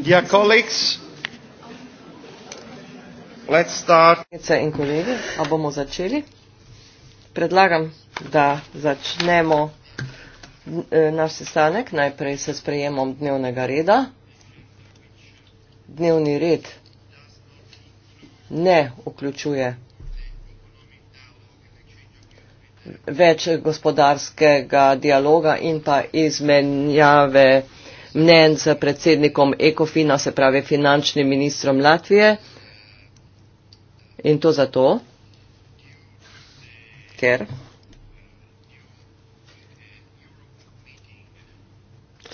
Dear colleagues, let's start. In kolege, bomo začeli. Predlagam, da začnemo e, naš sestanek najprej se sprejemom dnevnega reda. Dnevni red ne vključuje več gospodarskega dialoga in pa izmenjave mnen z predsednikom Ekofina, se pravi finančnim ministrom Latvije. In to zato, ker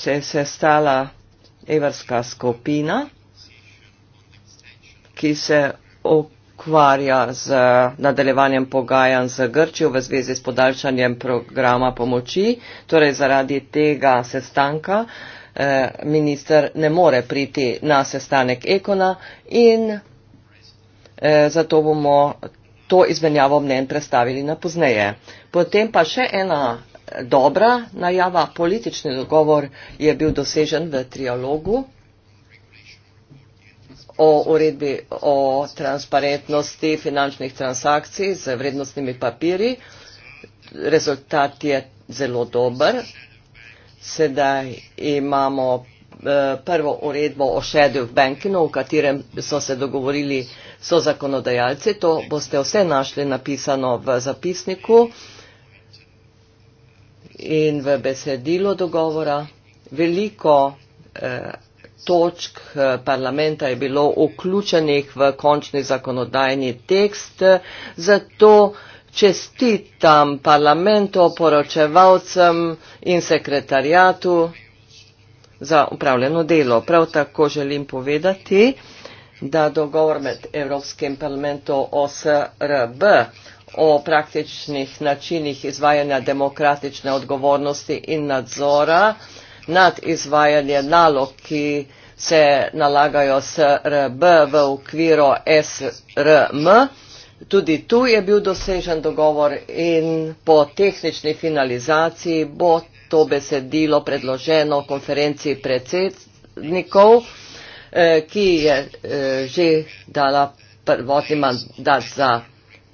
se je sestala evrska skupina, ki se ukvarja z nadaljevanjem pogajanj z Grčijo v zvezi s podaljšanjem programa pomoči. Torej zaradi tega sestanka uh, Eh, minister ne more priti na sestanek Ekona in eh, zato bomo to izmenjavo mnen predstavili na pozneje. Potem pa še ena eh, dobra najava, politični dogovor je bil dosežen v trialogu o uredbi o transparentnosti finančnih transakcij z vrednostnimi papiri. Rezultat je zelo dober sedaj imamo eh, prvo uredbo o shadow bankingu, v katerem so se dogovorili so zakonodajalci. To boste vse našli napisano v zapisniku in v besedilo dogovora. Veliko eh, točk eh, parlamenta je bilo vključenih v končni zakonodajni tekst, zato čestitam parlamentu, poročevalcem in sekretarjatu za upravljeno delo. Prav tako želim povedati, da dogovor med Evropskim parlamentom OSRB o praktičnih načinih izvajanja demokratične odgovornosti in nadzora nad izvajanje nalog, ki se nalagajo SRB v okviru SRM, Tudi tu je bil dosežen dogovor in po tehnični finalizaciji bo to besedilo predloženo konferenciji predsednikov, eh, ki je eh, že dala prvotni mandat za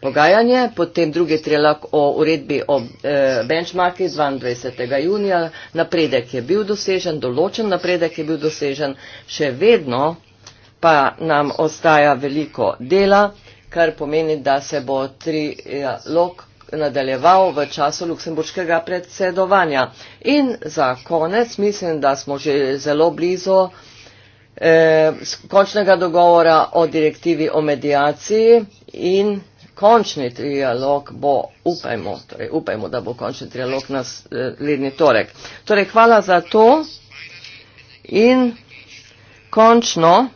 pogajanje, potem drugi trilog o uredbi o eh, benchmarki 22. junija. Napredek je bil dosežen, določen napredek je bil dosežen, še vedno pa nam ostaja veliko dela kar pomeni, da se bo trilog nadaljeval v času luksemburškega predsedovanja. In za konec mislim, da smo že zelo blizu eh, končnega dogovora o direktivi o medijaciji in končni trilog bo, upajmo, torej upajmo, da bo končni trilog nas eh, ledni torek. Torej, hvala za to in končno.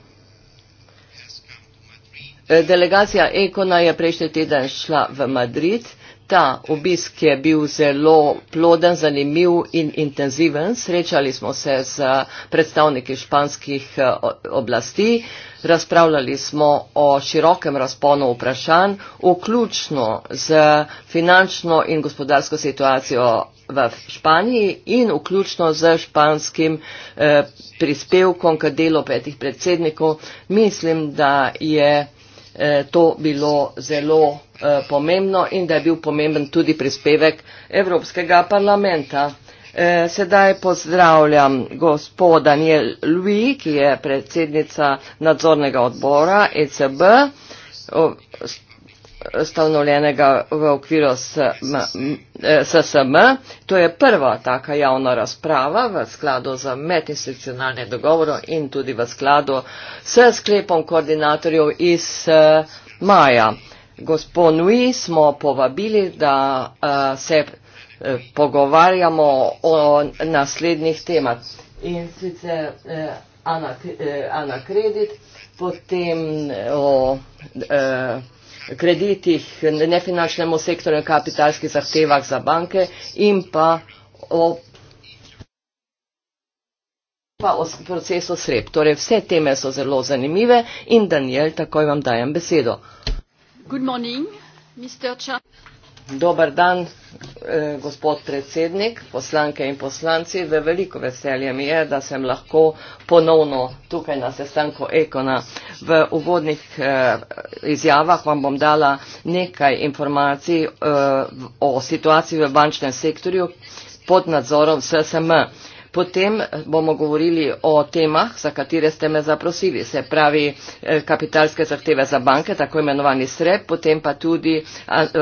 Delegacija Ekona je prejšnji teden šla v Madrid. Ta obisk je bil zelo ploden, zanimiv in intenziven. Srečali smo se z predstavniki španskih eh, oblasti, razpravljali smo o širokem razponu vprašanj, vključno z finančno in gospodarsko situacijo v Španiji in vključno z španskim eh, prispevkom k delu petih predsednikov. Mislim, da je. Eh, to bilo zelo eh, pomembno in da je bil pomemben tudi prispevek Evropskega parlamenta. Eh, sedaj pozdravljam gospod Daniel Lui, ki je predsednica nadzornega odbora ECB ustanovljenega v okviru SSM. Eh, to je prva taka javna razprava v skladu z medinstitucionalnim dogovorom in tudi v skladu s sklepom koordinatorjev iz eh, maja. Gospod Nui smo povabili, da eh, se pogovarjamo o naslednjih temah. In sicer Anakredit, potem o kreditih, nefinančnemu sektorju in kapitalskih zahtevah za banke in pa o, pa o procesu sreb. Torej, vse teme so zelo zanimive in Daniel, takoj vam dajem besedo. Good morning, Mr. Chairman. Dobar dan, eh, gospod predsednik, poslanke in poslanci. V veliko veselje mi je, da sem lahko ponovno tukaj na sestanku Ekona. V uvodnih eh, izjavah vam bom dala nekaj informacij eh, o situaciji v bančnem sektorju pod nadzorom SSM. Eh, Potem eh, bomo govorili o temah, za katere ste me zaprosili, se pravi eh, kapitalske zahteve za banke, tako imenovani SREP, potem pa tudi eh,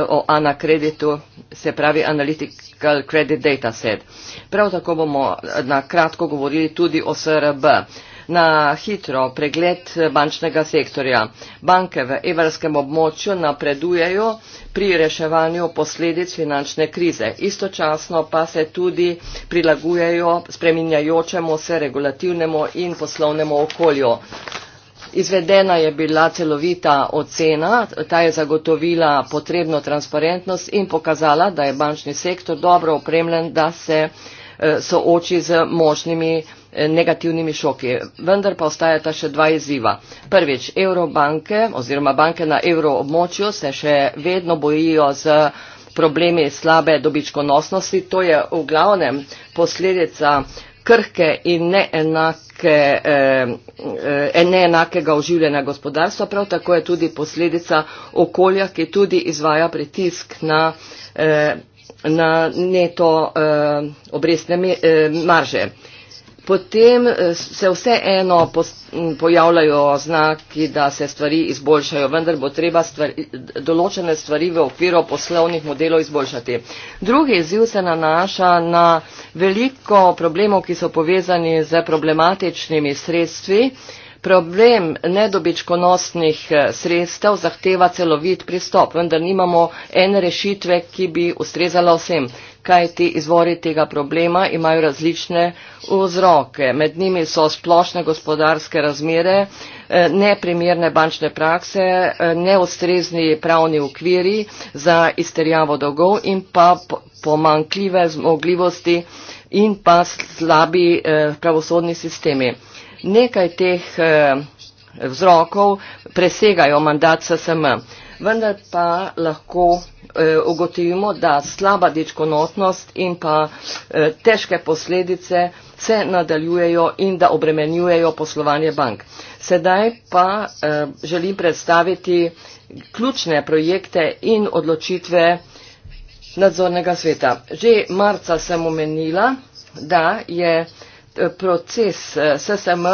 o anakreditu, se pravi Analytical Credit Dataset. Prav tako bomo na kratko govorili tudi o SRB na hitro pregled bančnega sektorja. Banke v evrskem območju napredujejo pri reševanju posledic finančne krize, istočasno pa se tudi prilagujejo spreminjajočemu se regulativnemu in poslovnemu okolju. Izvedena je bila celovita ocena, ta je zagotovila potrebno transparentnost in pokazala, da je bančni sektor dobro opremljen, da se eh, sooči z možnimi negativnimi šoki. Vendar pa ostajata še dva izziva. Prvič, eurobanke oziroma banke na euroobmočju se še vedno bojijo z problemi slabe dobičkonosnosti. To je v glavnem posledica krhke in neenake, eh, eh, neenakega oživljanja gospodarstva, prav tako je tudi posledica okolja, ki tudi izvaja pritisk na, eh, na neto eh, obrestne eh, marže. Eh, potem eh, se vse eno pojavljajo znaki, da se stvari izboljšajo, vendar bo treba stvari, določene stvari v okviru poslovnih modelov izboljšati. Drugi izziv se nanaša na veliko problemov, ki so povezani z problematičnimi sredstvi. Problem nedobičkonosnih eh, sredstev zahteva celovit pristop, vendar nimamo ene rešitve, ki bi ustrezala vsem kajti izvori tega problema imajo različne vzroke. Med njimi so splošne gospodarske razmere, eh, neprimerne bančne prakse, eh, neustrezni pravni ukviri za izterjavo dolgov in pa pomankljive zmogljivosti in pa slabi eh, pravosodni sistemi. Nekaj teh vzrokov presegajo mandat SSM, vendar pa lahko eh, ugotovimo, da slaba dečkonosnost in pa eh, težke posledice se nadaljujejo in da obremenjujejo poslovanje bank. Sedaj pa eh, želim predstaviti ključne projekte in odločitve nadzornega sveta. Že marca sem omenila, da je eh, proces eh, SSM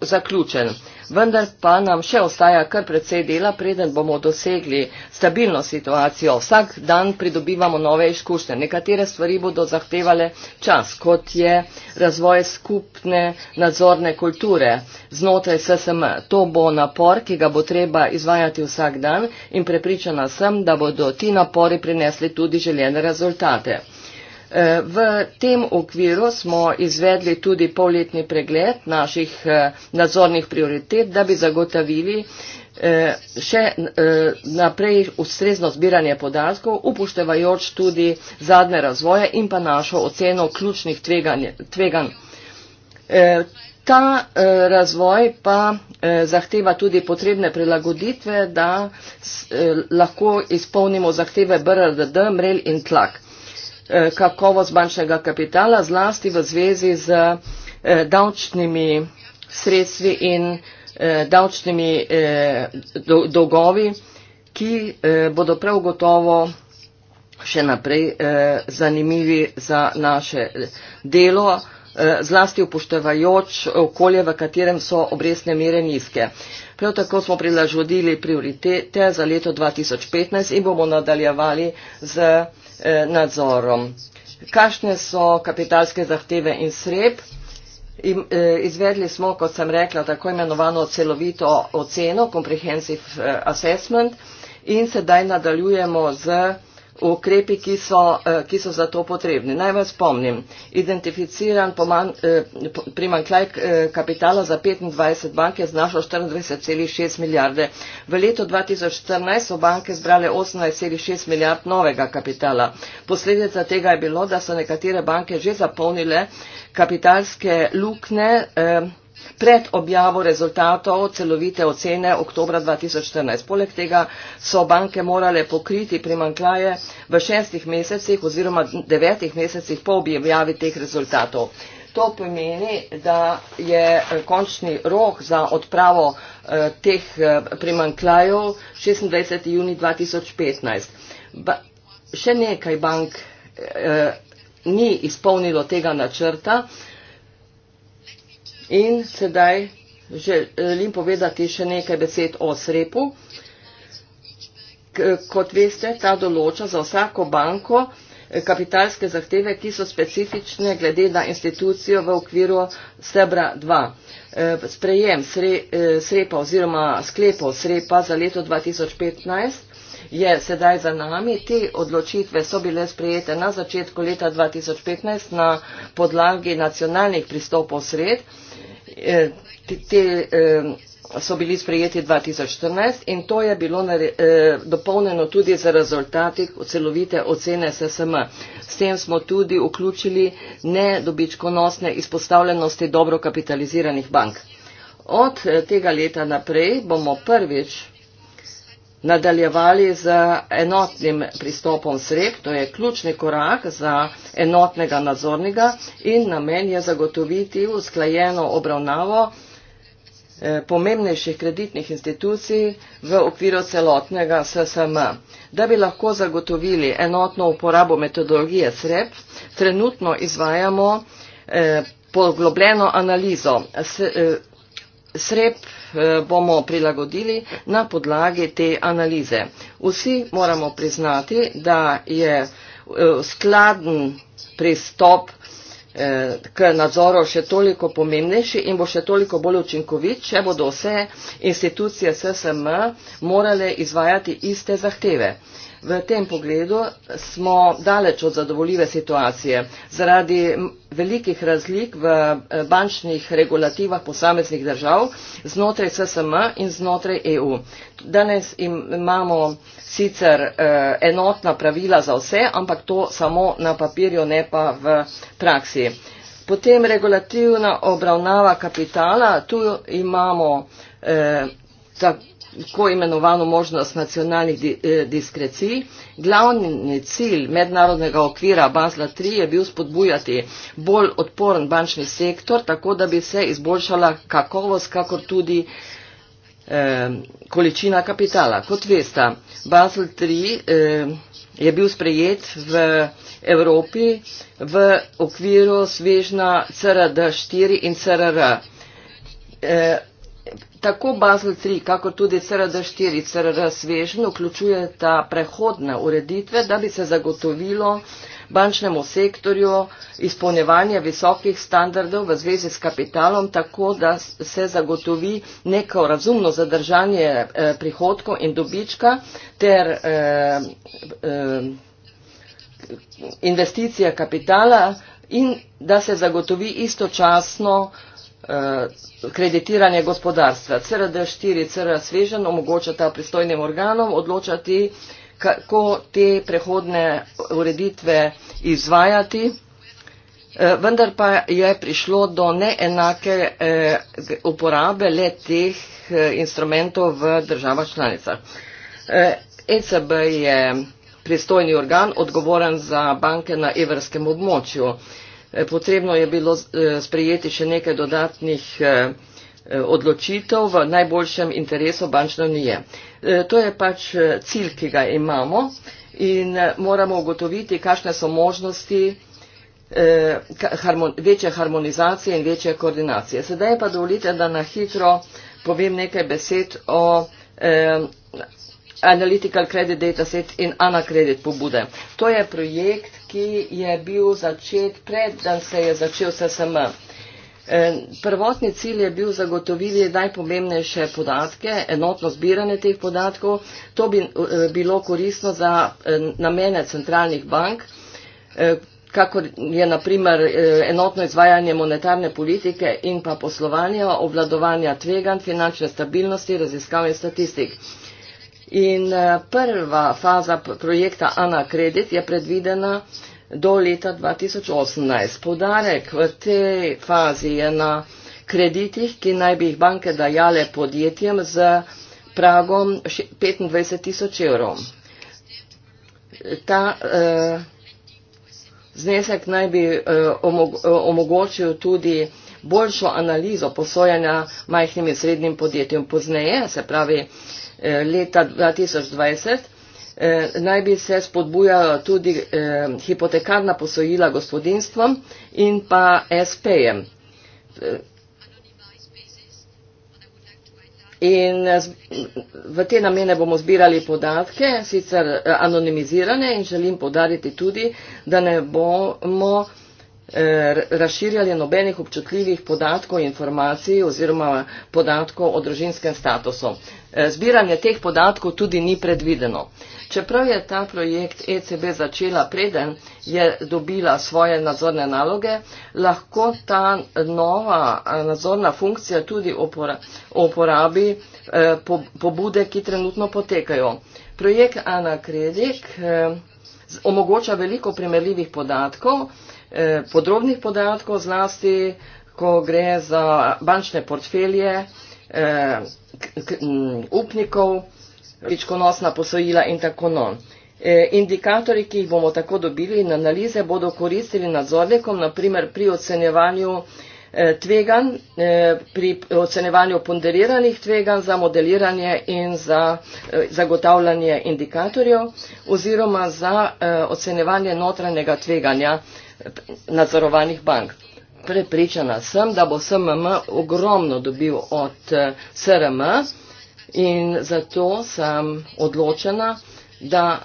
zaključen vendar pa nam še ostaja kar precej dela, preden bomo dosegli stabilno situacijo. Vsak dan pridobivamo nove izkušnje. Nekatere stvari bodo zahtevale čas, kot je razvoj skupne nadzorne kulture znotraj SSM. To bo napor, ki ga bo treba izvajati vsak dan in prepričana sem, da bodo ti napori prinesli tudi željene rezultate. Eh, v tem okviru smo izvedli tudi polletni pregled naših eh, nadzornih prioritet, da bi zagotavili eh, še naprej ustrezno zbiranje podatkov, upoštevajoč tudi zadnje razvoje in pa našo oceno ključnih tveganj. Ta razvoj pa zahteva tudi potrebne prilagoditve, da lahko izpolnimo zahteve BRDD, MREL in TLAK. Eh, kakovost bančnega kapitala, zlasti v zvezi z eh, davčnimi sredstvi in eh, davčnimi dolgovi, ki bodo prav gotovo še naprej zanimivi za naše delo, zlasti upoštevajoč okolje, v katerem so obresne mere nizke. Prav tako smo prilažodili prioritete za leto 2015 in bomo nadaljevali z Eh, nadzorom. Kakšne so kapitalske zahteve in sreb? Eh, izvedli smo, kot sem rekla, tako imenovano celovito oceno, comprehensive eh, assessment, in sedaj nadaljujemo z ukrepi, ki so, eh, ki so za to potrebni. Naj vas spomnim, identificiran eh, primankljaj eh, kapitala za 25 bank je znašal 24,6 milijarde. V letu 2014 so banke zbrale 18,6 milijard novega kapitala. Posledica tega je bilo, da so nekatere banke že zapolnile kapitalske lukne. Eh, pred objavo rezultatov celovite ocene oktobra 2014. Poleg tega so banke morale pokriti primankljaje v šestih mesecih oziroma devetih mesecih po objavi teh rezultatov. To pomeni, da je eh, končni rok za odpravo eh, teh primankljajev 26. juni 2015. Ba še nekaj bank eh, eh ni izpolnilo tega načrta. Eh, In sedaj želim povedati še nekaj besed o srepu. Kot veste, ta določa za vsako banko eh, kapitalske zahteve, ki so specifične glede na institucijo v okviru stebra 2. Eh, sprejem eh, srepa oziroma sklepov srepa za leto 2015 je sedaj za nami. Te odločitve so bile sprejete na začetku leta 2015 na podlagi nacionalnih pristopov sred. Eh, te, te eh, so bili sprejeti 2014 in to je bilo eh, dopolnjeno tudi za rezultati celovite ocene SSM. S tem smo tudi vključili nedobičkonosne izpostavljenosti dobro kapitaliziranih bank. Od tega leta naprej bomo prvič nadaljevali z enotnim pristopom SREP, to je ključni korak za enotnega nadzornega in namen je zagotoviti usklajeno obravnavo eh, pomembnejših kreditnih institucij v okviru celotnega SSM. Da bi lahko zagotovili enotno uporabo metodologije SREP, trenutno izvajamo eh, poglobljeno analizo SREP, eh, Srep eh, bomo prilagodili na podlagi te analize. Vsi moramo priznati, da je eh, skladen pristop eh, k nadzoru še toliko pomembnejši in bo še toliko bolj učinkovit, če bodo vse institucije SSM morale izvajati iste zahteve. V tem pogledu smo daleč od zadovoljive situacije. Zaradi velikih razlik v eh, bančnih regulativah posameznih držav znotraj SSM in znotraj EU. Danes imamo sicer eh, enotna pravila za vse, ampak to samo na papirju, ne pa v praksi. Potem regulativna obravnava kapitala, tu imamo eh, tako tako imenovano možnost nacionalnih eh, diskrecij. Glavni cilj mednarodnega okvira Basla III je bil spodbujati bolj odporen bančni sektor, tako da bi se izboljšala kakovost, kakor tudi eh, količina kapitala. Kot veste, Basel III eh, je bil sprejet v Evropi v okviru svežna CRD4 in CRR tako Basel 3, kako tudi CRD 4, CRD svežen vključujeta prehodne ureditve, da bi se zagotovilo bančnemu sektorju izpolnjevanje visokih standardov v zvezi s kapitalom, tako da se zagotovi neko razumno zadržanje eh, prihodkov in dobička ter eh, eh, investicija kapitala in da se zagotovi istočasno eh, Eh, kreditiranje gospodarstva. CRD 4, CRD Svežen omogoča ta pristojnim organom odločati, kako te prehodne ureditve izvajati, eh, vendar pa je prišlo do neenake eh, uporabe le teh instrumentov v državah članicah. ECB e je pristojni organ odgovoren za banke na evrskem območju. Eh, potrebno je bilo eh, sprejeti še nekaj dodatnih eh, odločitev v najboljšem interesu bančne unije. To je pač cilj, ki ga imamo in moramo ugotoviti, kakšne so možnosti večje harmonizacije in večje koordinacije. Sedaj pa dovolite, da na hitro povem nekaj besed o Analytical Credit Dataset in Anacredit pobude. To je projekt, ki je bil začet pred, da se je začel SSM. Prvotni cilj je bil zagotoviti najpomembnejše podatke, enotno zbiranje teh podatkov. To bi e, bilo korisno za e, namene centralnih bank, e, kako je naprimer enotno izvajanje monetarne politike in pa poslovanja, obladovanja tvegan, finančne stabilnosti, raziskav in statistik. In eh, prva faza projekta Ana Kredit je predvidena do leta 2018. Podarek v tej fazi je na kreditih, ki naj bi jih banke dajale podjetjem z pragom 25 tisoč evrov. Ta eh, znesek naj bi eh, omog eh, omogočil tudi boljšo analizo posojanja majhnim in srednjim podjetjem. Pozneje, se pravi, leta 2020 eh, naj bi se spodbujala tudi eh, hipotekarna posojila gospodinstvom in pa SP-jem. In v te namene bomo zbirali podatke, sicer eh, anonimizirane in želim podariti tudi, da ne bomo razširjali nobenih občutljivih podatkov, informacij oziroma podatkov o družinskem statusu. Eh, zbiranje teh podatkov tudi ni predvideno. Čeprav je ta projekt ECB začela preden, je dobila svoje nadzorne naloge, lahko ta nova eh, nadzorna funkcija tudi uporabi eh, pobude, ki trenutno potekajo. Projekt Anakredik omogoča veliko primerljivih podatkov, podrobnih podatkov, zlasti, ko gre za bančne portfelje, k, m, mm, upnikov, pičkonosna posojila in tako non. E, indikatori, ki jih bomo tako dobili in analize, bodo koristili nadzornikom, naprimer pri ocenjevanju e, tvegan, e, pri ocenjevanju ponderiranih tvegan za modeliranje in za e, zagotavljanje indikatorjev oziroma za e, ocenjevanje notranjega tveganja e, nadzorovanih bank prepričana sem, da bo SMM ogromno dobil od eh, SRM in zato sem odločena, da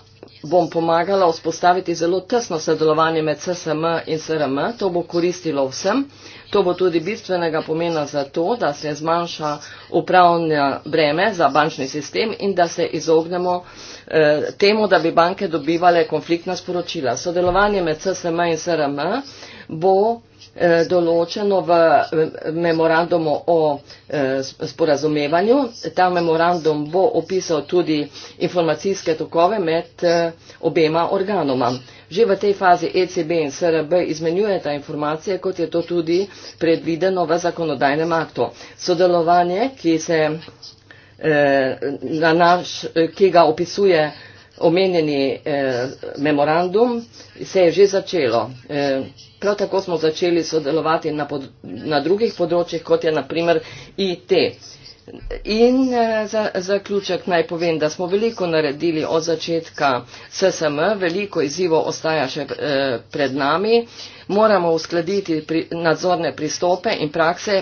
bom pomagala vzpostaviti zelo tesno sodelovanje med SSM in SRM. To bo koristilo vsem. To bo tudi bistvenega pomena za to, da se zmanjša upravne breme za bančni sistem in da se izognemo eh, temu, da bi banke dobivale konfliktna sporočila. Sodelovanje med SSM in SRM eh, bo eh, določeno v eh, memorandumu o eh, sporazumevanju. Ta memorandum bo opisal tudi informacijske tokove med obema organoma. Že v tej fazi ECB in SRB izmenjuje ta informacije, kot je to tudi predvideno v zakonodajnem aktu. Sodelovanje, ki, se, na naš, ki ga opisuje omenjeni eh, memorandum se je že začelo. Eh, prav tako smo začeli sodelovati na, pod, na drugih področjih, kot je naprimer IT. In eh, za zaključek naj povem, da smo veliko naredili od začetka SSM, veliko izzivo ostaja še eh, pred nami. Moramo uskladiti pri, nadzorne pristope in prakse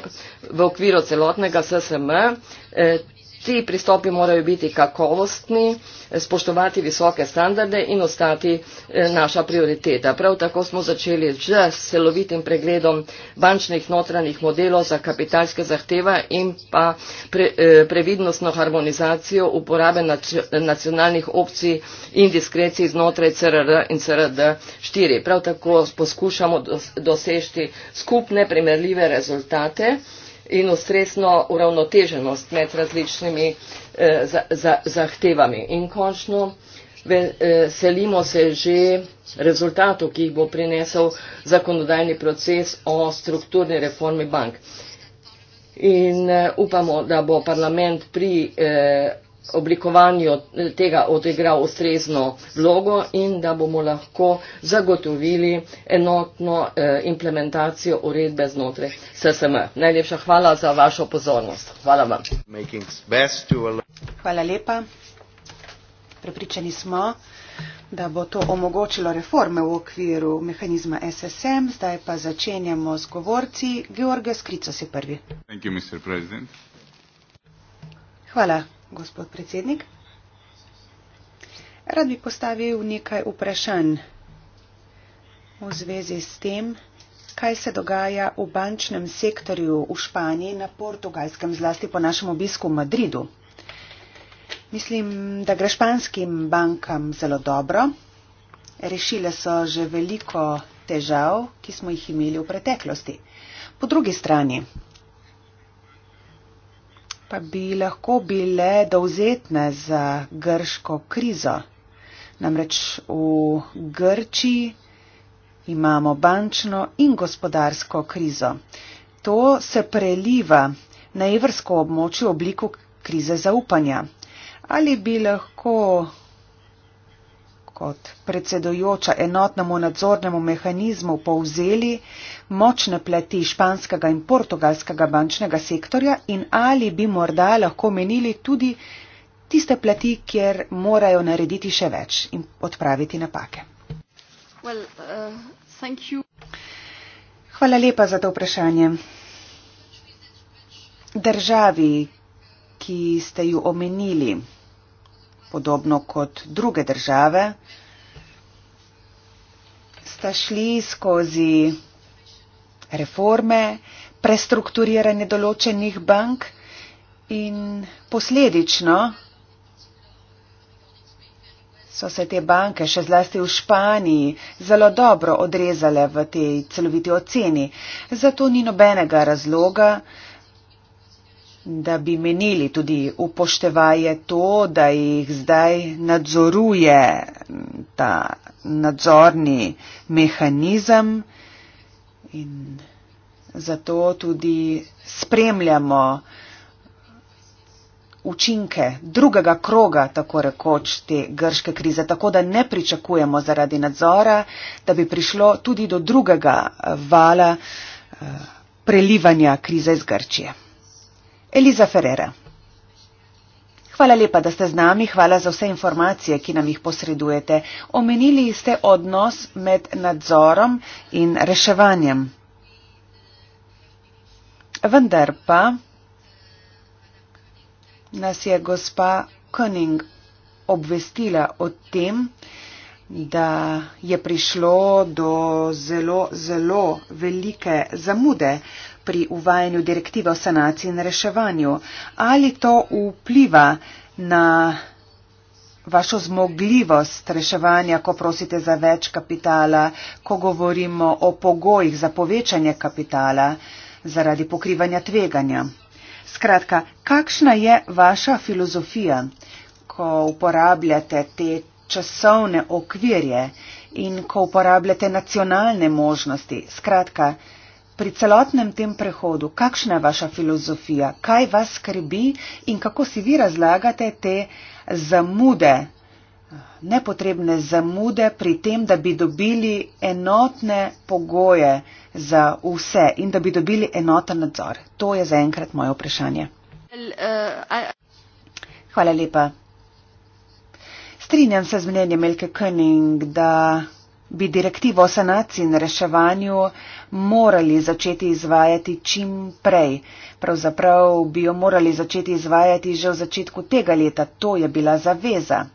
v okviru celotnega SSM. Eh, Ti pristopi morajo biti kakovostni, spoštovati visoke standarde in ostati eh, naša prioriteta. Prav tako smo začeli z celovitim pregledom bančnih notranjih modelov za kapitalske zahteva in pa pre, eh, previdnostno harmonizacijo uporabe nacionalnih opcij in diskrecij znotraj CRR in CRD4. Prav tako poskušamo dosežiti skupne primerljive rezultate in ustresno uravnoteženost med različnimi eh, za, za, zahtevami. In končno veselimo eh, se že rezultatov, ki jih bo prinesel zakonodajni proces o strukturni reformi bank. In eh, upamo, da bo parlament pri eh, oblikovanju tega odigral ustrezno vlogo in da bomo lahko zagotovili enotno eh, implementacijo uredbe znotraj SSM. Najlepša hvala za vašo pozornost. Hvala vam. Hvala lepa. Prepričani smo, da bo to omogočilo reforme v okviru mehanizma SSM. Zdaj pa začenjamo z govorci. Georgios Krico se prvi. Hvala, gospod predsednik. Rad bi postavil nekaj vprašanj v zvezi s tem, kaj se dogaja v bančnem sektorju v Španiji, na portugalskem, zlasti po našem obisku v Madridu. Mislim, da gre španskim bankam zelo dobro. Rešile so že veliko težav, ki smo jih imeli v preteklosti. Po drugi strani pa bi lahko bile dovzetne za grško krizo. Namreč v Grčiji imamo bančno in gospodarsko krizo. To se preliva na evrsko območje v obliku krize zaupanja. Ali bi lahko kot predsedojoča enotnemu nadzornemu mehanizmu povzeli močne plati španskega in portugalskega bančnega sektorja in ali bi morda lahko menili tudi tiste plati, kjer morajo narediti še več in odpraviti napake. Well, uh, Hvala lepa za to vprašanje. Državi, ki ste jo omenili, podobno kot druge države, sta šli skozi reforme, prestrukturiranje določenih bank in posledično so se te banke, še zlasti v Španiji, zelo dobro odrezale v tej celoviti oceni. Zato ni nobenega razloga, da bi menili tudi upoštevaje to, da jih zdaj nadzoruje ta nadzorni mehanizem in zato tudi spremljamo učinke drugega kroga, tako rekoč, te grške krize, tako da ne pričakujemo zaradi nadzora, da bi prišlo tudi do drugega vala eh, prelivanja krize iz Grčije. Eliza Ferrera. Hvala lepa, da ste z nami, hvala za vse informacije, ki nam jih posredujete. Omenili ste odnos med nadzorom in reševanjem. Vendar pa nas je gospa Cunning obvestila o tem, da je prišlo do zelo, zelo velike zamude pri uvajanju direktive o sanaciji in reševanju. Ali to vpliva na vašo zmogljivost reševanja, ko prosite za več kapitala, ko govorimo o pogojih za povečanje kapitala zaradi pokrivanja tveganja? Skratka, kakšna je vaša filozofija, ko uporabljate te časovne okvirje in ko uporabljate nacionalne možnosti? Skratka, pri celotnem tem prehodu, kakšna je vaša filozofija, kaj vas skrbi in kako si vi razlagate te zamude, nepotrebne zamude pri tem, da bi dobili enotne pogoje za vse in da bi dobili enoten nadzor. To je zaenkrat moje vprašanje. Hvala lepa. Strinjam se z mnenjem Elke König, da bi direktivo o sanaciji in reševanju morali začeti izvajati čim prej. Pravzaprav bi jo morali začeti izvajati že v začetku tega leta. To je bila zaveza.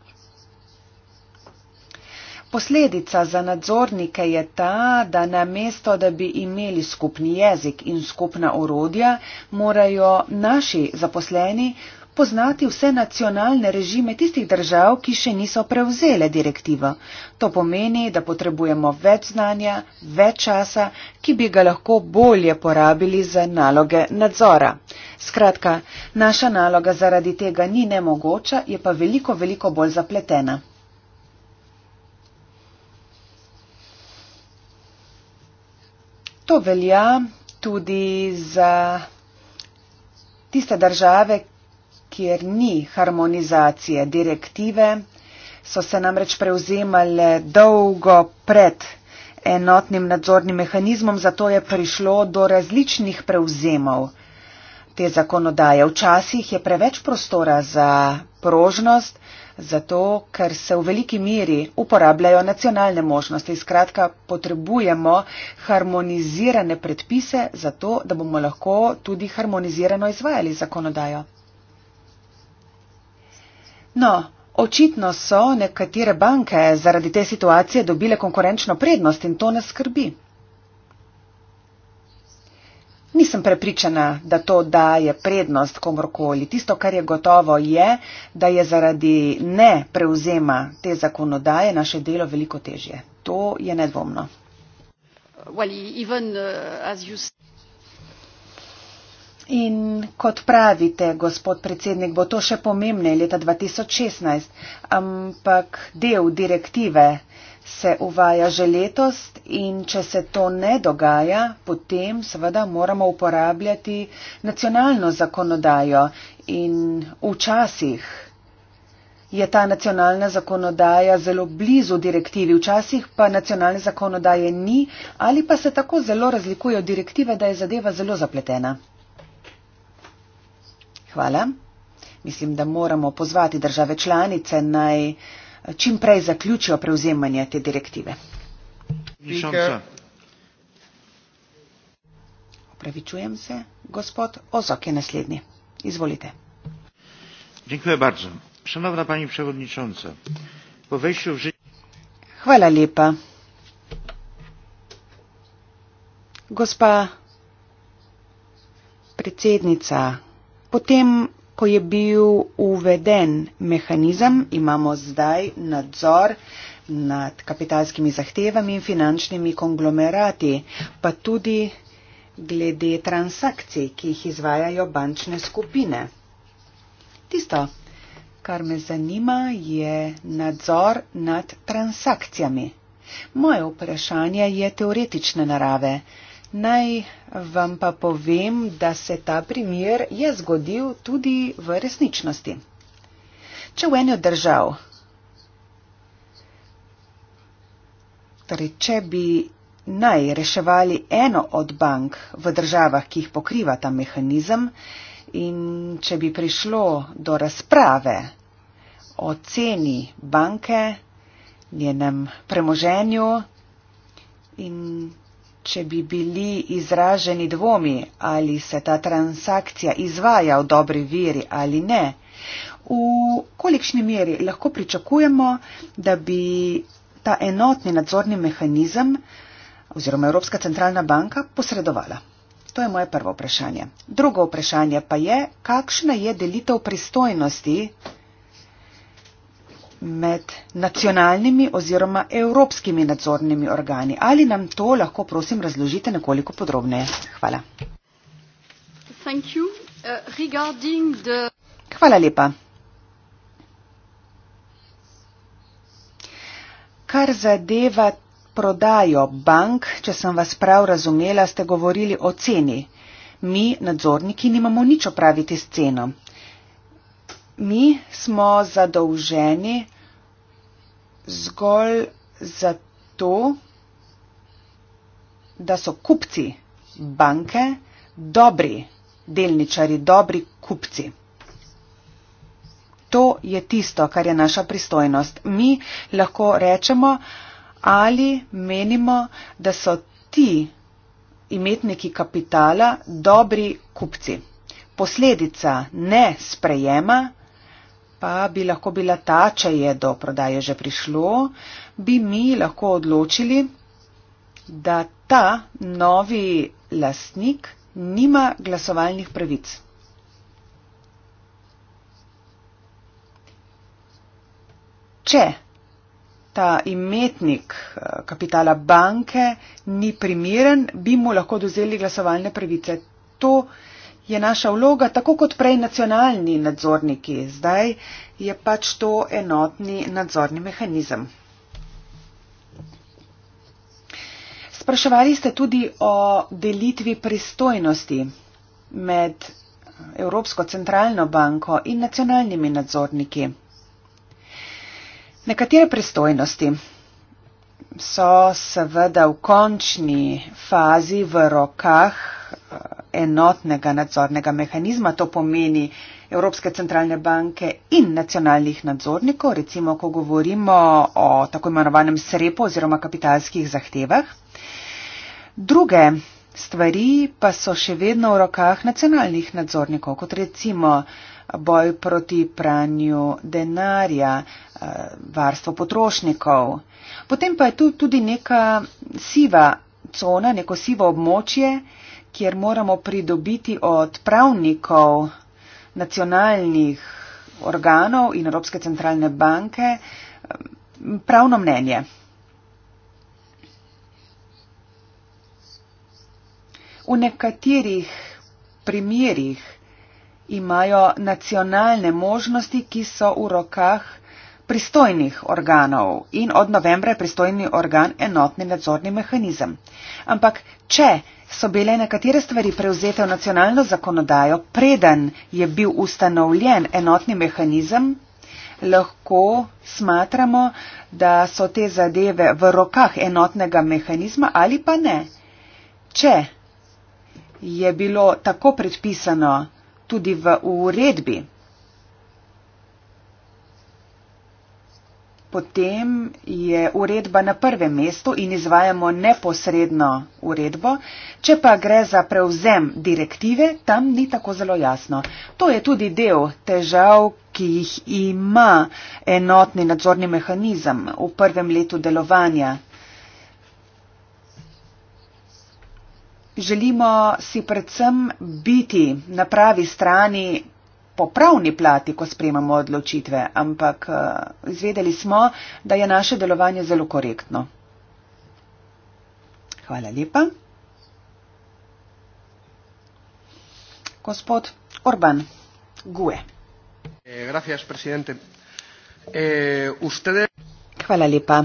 Posledica za nadzornike je ta, da namesto, da bi imeli skupni jezik in skupna orodja, morajo naši zaposleni poznati vse nacionalne režime tistih držav, ki še niso prevzele direktivo. To pomeni, da potrebujemo več znanja, več časa, ki bi ga lahko bolje porabili za naloge nadzora. Skratka, naša naloga zaradi tega ni nemogoča, je pa veliko, veliko bolj zapletena. To velja tudi za tiste države, kjer ni harmonizacije direktive, so se namreč prevzemale dolgo pred enotnim nadzornim mehanizmom, zato je prišlo do različnih prevzemov te zakonodaje. Včasih je preveč prostora za prožnost, zato ker se v veliki miri uporabljajo nacionalne možnosti. Skratka, potrebujemo harmonizirane predpise, zato da bomo lahko tudi harmonizirano izvajali zakonodajo. No, očitno so nekatere banke zaradi te situacije dobile konkurenčno prednost in to ne skrbi. Nisem prepričana, da to daje prednost komorkoli. Tisto, kar je gotovo, je, da je zaradi ne prevzema te zakonodaje naše delo veliko težje. To je nedvomno. Well, even, uh, In kot pravite, gospod predsednik, bo to še pomembne leta 2016, ampak del direktive se uvaja že letos in če se to ne dogaja, potem seveda moramo uporabljati nacionalno zakonodajo in včasih je ta nacionalna zakonodaja zelo blizu direktivi, včasih pa nacionalne zakonodaje ni ali pa se tako zelo razlikuje od direktive, da je zadeva zelo zapletena. Hvala. Mislim, da moramo pozvati države članice naj čim prej zaključijo prevzemanje te direktive. Opravičujem se, gospod Ozok je naslednji. Izvolite. Dziękuję bardzo. Szanowna pani przewodnicząca, po wejściu w życie... Hvala lepa. Gospa predsednica Potem, ko je bil uveden mehanizem, imamo zdaj nadzor nad kapitalskimi zahtevami in finančnimi konglomerati, pa tudi glede transakcij, ki jih izvajajo bančne skupine. Tisto, kar me zanima, je nadzor nad transakcijami. Moje vprašanje je teoretične narave. Naj vam pa povem, da se ta primer je zgodil tudi v resničnosti. Če v eni od držav, torej če bi naj reševali eno od bank v državah, ki jih pokriva ta mehanizem, in če bi prišlo do razprave o ceni banke, njenem premoženju in Če bi bili izraženi dvomi, ali se ta transakcija izvaja v dobri veri ali ne, v kolikšni meri lahko pričakujemo, da bi ta enotni nadzorni mehanizem oziroma Evropska centralna banka posredovala? To je moje prvo vprašanje. Drugo vprašanje pa je, kakšna je delitev pristojnosti med nacionalnimi oziroma evropskimi nadzornimi organi. Ali nam to lahko, prosim, razložite nekoliko podrobneje? Hvala. Uh, Hvala lepa. Kar zadeva prodajo bank, če sem vas prav razumela, ste govorili o ceni. Mi, nadzorniki, nimamo nič opraviti s ceno mi smo zadolženi zgolj zato, da so kupci banke dobri delničari, dobri kupci. To je tisto, kar je naša pristojnost. Mi lahko rečemo ali menimo, da so ti imetniki kapitala dobri kupci. Posledica ne sprejema pa bi lahko bila ta, če je do prodaje že prišlo, bi mi lahko odločili, da ta novi lastnik nima glasovalnih pravic. Če ta imetnik eh, kapitala banke ni primeren, bi mu lahko dozeli glasovalne pravice. To je naša vloga tako kot prej nacionalni nadzorniki, zdaj je pač to enotni nadzorni mehanizem. Spraševali ste tudi o delitvi pristojnosti med Evropsko centralno banko in nacionalnimi nadzorniki. Nekatere pristojnosti so seveda v končni fazi v rokah enotnega nadzornega mehanizma, to pomeni Evropske centralne banke in nacionalnih nadzornikov, recimo, ko govorimo o tako imenovanem srepo oziroma kapitalskih zahtevah. Druge stvari pa so še vedno v rokah nacionalnih nadzornikov, kot recimo boj proti pranju denarja, eh, varstvo potrošnikov. Potem pa je tu tudi neka siva cona, neko sivo območje, kjer moramo pridobiti od pravnikov nacionalnih organov in Evropske centralne banke um, pravno mnenje. V nekaterih primerjih imajo nacionalne možnosti, ki so v rokah pristojnih organov in od novembra je pristojni organ enotni nadzorni mehanizem. Ampak, če so bile nekatere stvari prevzete v nacionalno zakonodajo, preden je bil ustanovljen enotni mehanizem, lahko smatramo, da so te zadeve v rokah enotnega mehanizma ali pa ne. Če je bilo tako predpisano tudi v uredbi, potem je uredba na prvem mestu in izvajamo neposredno uredbo. Če pa gre za prevzem direktive, tam ni tako zelo jasno. To je tudi del težav, ki jih ima enotni nadzorni mehanizem v prvem letu delovanja. Želimo si predvsem biti na pravi strani popravni plati, ko sprejemamo odločitve, ampak eh, izvedeli smo, da je naše delovanje zelo korektno. Hvala lepa. Gospod Orban Gue. Eh, eh, Hvala lepa.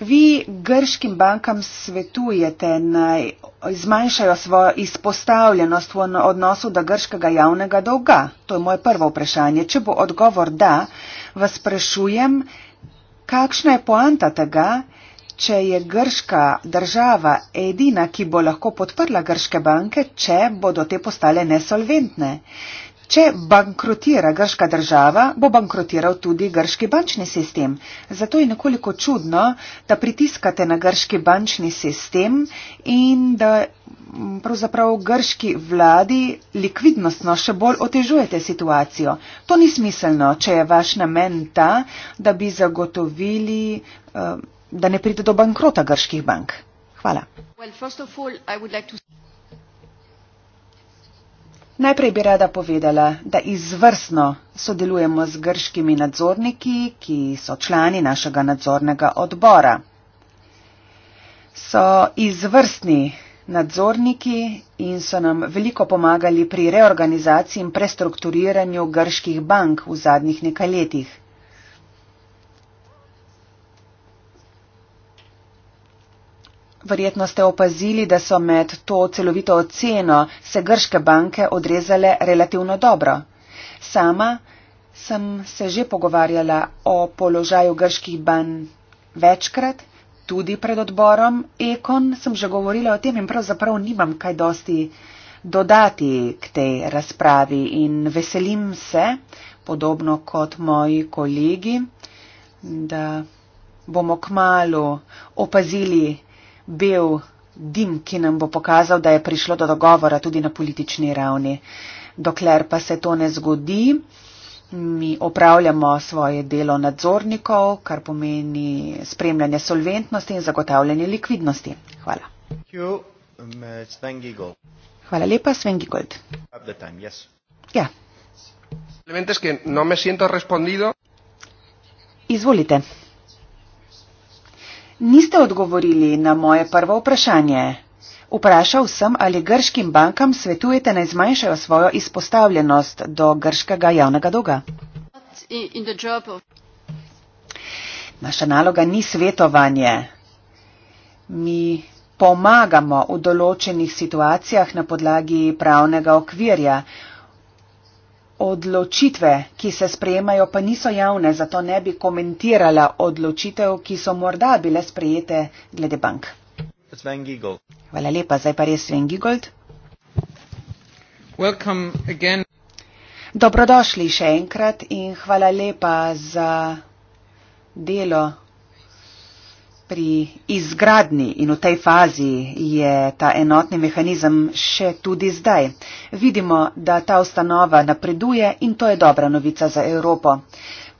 Vi grškim bankam svetujete naj zmanjšajo svojo izpostavljenost v odnosu do grškega javnega dolga? To je moje prvo vprašanje. Če bo odgovor da, vas sprašujem, kakšna je poanta tega, če je grška država edina, ki bo lahko podprla grške banke, če bodo te postale nesolventne? Če bankrotira grška država, bo bankrotiral tudi grški bančni sistem. Zato je nekoliko čudno, da pritiskate na grški bančni sistem in da mm, pravzaprav grški vladi likvidnostno še bolj otežujete situacijo. To ni smiselno, če je vaš namen ta, da bi zagotovili, eh, da ne pride do bankrota grških bank. Hvala. Well, Najprej bi rada povedala, da izvrsno sodelujemo z grškimi nadzorniki, ki so člani našega nadzornega odbora. So izvrstni nadzorniki in so nam veliko pomagali pri reorganizaciji in prestrukturiranju grških bank v zadnjih nekaj letih. Verjetno ste opazili, da so med to celovito oceno se grške banke odrezale relativno dobro. Sama sem se že pogovarjala o položaju grških banj večkrat, tudi pred odborom Ekon sem že govorila o tem in pravzaprav nimam kaj dosti dodati k tej razpravi in veselim se, podobno kot moji kolegi, da bomo kmalo opazili, bel dim, ki nam bo pokazal, da je prišlo do dogovora tudi na politični ravni. Dokler pa se to ne zgodi, mi opravljamo svoje delo nadzornikov, kar pomeni spremljanje solventnosti in zagotavljanje likvidnosti. Hvala. Hvala lepa, Sven Gigold. Ja. Elementes, que no me siento respondido. Izvolite. Niste odgovorili na moje prvo vprašanje. Vprašal sem, ali grškim bankam svetujete naj zmanjšajo svojo izpostavljenost do grškega javnega dolga. Naša naloga ni svetovanje. Mi pomagamo v določenih situacijah na podlagi pravnega okvirja, odločitve, ki se sprejemajo, pa niso javne, zato ne bi komentirala odločitev, ki so morda bile sprejete glede bank. Hvala lepa, zdaj pa res Sven Gigold. Dobrodošli še enkrat in hvala lepa za delo Pri izgradni in v tej fazi je ta enotni mehanizem še tudi zdaj. Vidimo, da ta ustanova napreduje in to je dobra novica za Evropo.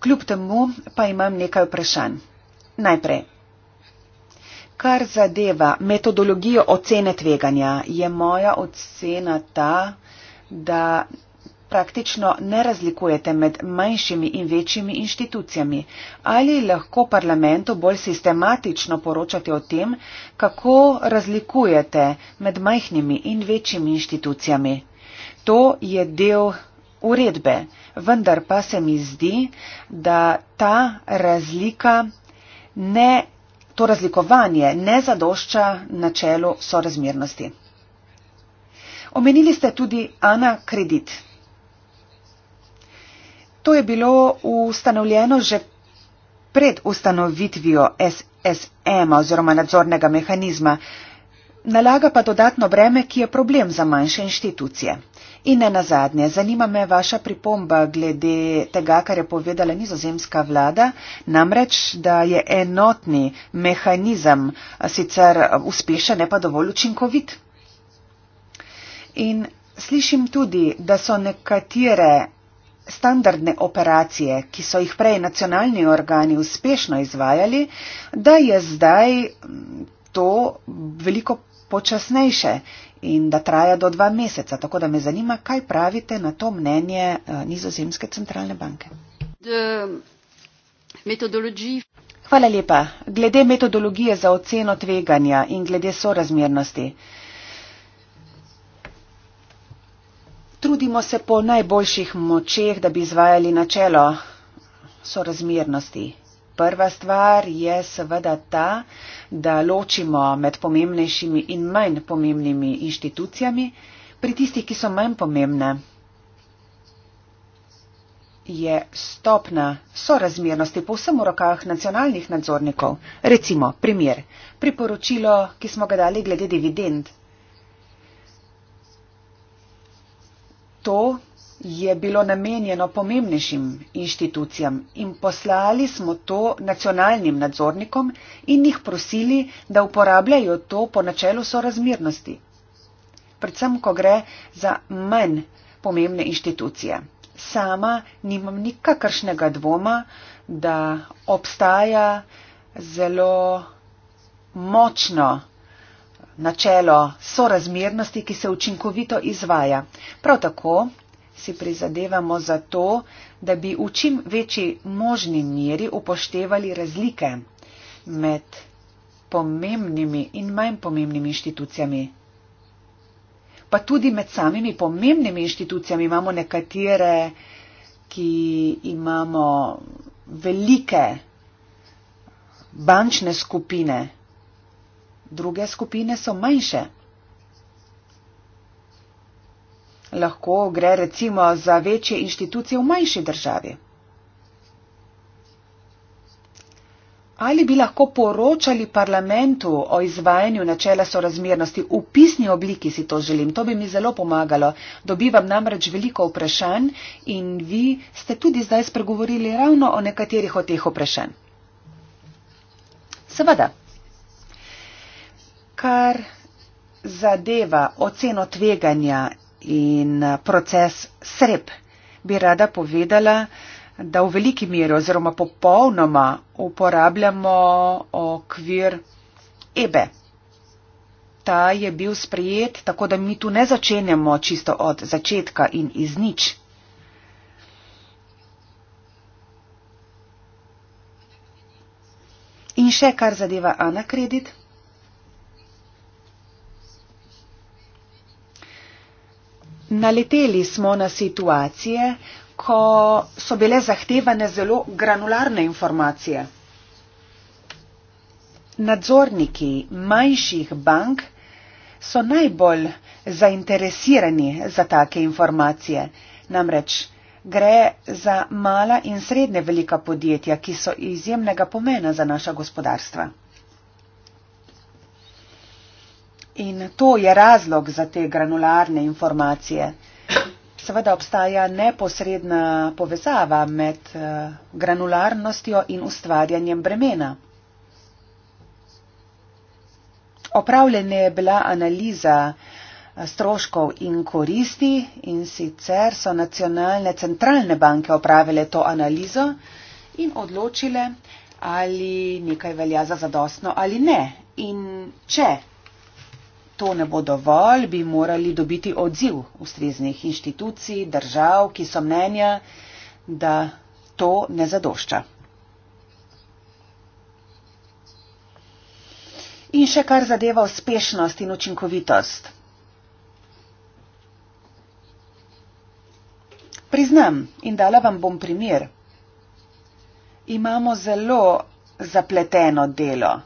Kljub temu pa imam nekaj vprašanj. Najprej. Kar zadeva metodologijo ocene tveganja, je moja ocena ta, da praktično ne razlikujete med manjšimi in večjimi inštitucijami? Ali lahko parlamentu bolj sistematično poročate o tem, kako razlikujete med majhnimi in večjimi inštitucijami? To je del uredbe, vendar pa se mi zdi, da ta razlika ne, to razlikovanje ne zadošča načelu sorazmernosti. Omenili ste tudi Ana Kredit. To je bilo ustanovljeno že pred ustanovitvijo SSM oziroma nadzornega mehanizma. Nalaga pa dodatno breme, ki je problem za manjše inštitucije. In ne nazadnje, zanima me vaša pripomba glede tega, kar je povedala nizozemska vlada, namreč, da je enotni mehanizem sicer uspešen, ne pa dovolj učinkovit. In slišim tudi, da so nekatere standardne operacije, ki so jih prej nacionalni organi uspešno izvajali, da je zdaj mm, to veliko počasnejše in da traja do dva meseca. Tako da me zanima, kaj pravite na to mnenje eh, Nizozemske centralne banke. Hvala lepa. Glede metodologije za oceno tveganja in glede sorazmernosti. Trudimo se po najboljših močeh, da bi izvajali načelo sorazmernosti. Prva stvar je seveda ta, da ločimo med pomembnejšimi in manj pomembnimi inštitucijami. Pri tistih, ki so manj pomembne, je stopna sorazmernosti povsem v rokah nacionalnih nadzornikov. Recimo, primer, priporočilo, ki smo ga dali glede dividend. To je bilo namenjeno pomembnejšim inštitucijam in poslali smo to nacionalnim nadzornikom in jih prosili, da uporabljajo to po načelu sorazmirnosti. Predvsem, ko gre za manj pomembne inštitucije. Sama nimam nikakršnega dvoma, da obstaja zelo močno načelo sorazmernosti, ki se učinkovito izvaja. Prav tako si prizadevamo za to, da bi v čim večji možni meri upoštevali razlike med pomembnimi in manj pomembnimi inštitucijami. Pa tudi med samimi pomembnimi inštitucijami imamo nekatere, ki imamo velike bančne skupine druge skupine so manjše. Lahko gre recimo za večje inštitucije v manjši državi. Ali bi lahko poročali parlamentu o izvajanju načela sorazmernosti v pisni obliki, si to želim, to bi mi zelo pomagalo. Dobivam namreč veliko vprašanj in vi ste tudi zdaj spregovorili ravno o nekaterih od teh vprašanj. Seveda kar zadeva oceno tveganja in eh, proces sreb, bi rada povedala, da v veliki meri oziroma popolnoma uporabljamo okvir EBE. Ta je bil sprejet, tako da mi tu ne začenjamo čisto od začetka in iz nič. In še kar zadeva Ana Kredit. Naleteli smo na situacije, ko so bile zahtevane zelo granularne informacije. Nadzorniki manjših bank so najbolj zainteresirani za take informacije. Namreč gre za mala in srednje velika podjetja, ki so izjemnega pomena za naša gospodarstva. In to je razlog za te granularne informacije. Seveda obstaja neposredna povezava med eh, granularnostjo in ustvarjanjem bremena. Opravljena je bila analiza eh, stroškov in koristi in sicer so nacionalne centralne banke opravile to analizo in odločile, ali nekaj velja za zadostno ali ne. In če to ne bo dovolj, bi morali dobiti odziv ustreznih inštitucij, držav, ki so mnenja, da to ne zadošča. In še kar zadeva uspešnost in učinkovitost. Priznam in dala vam bom primer. Imamo zelo zapleteno delo.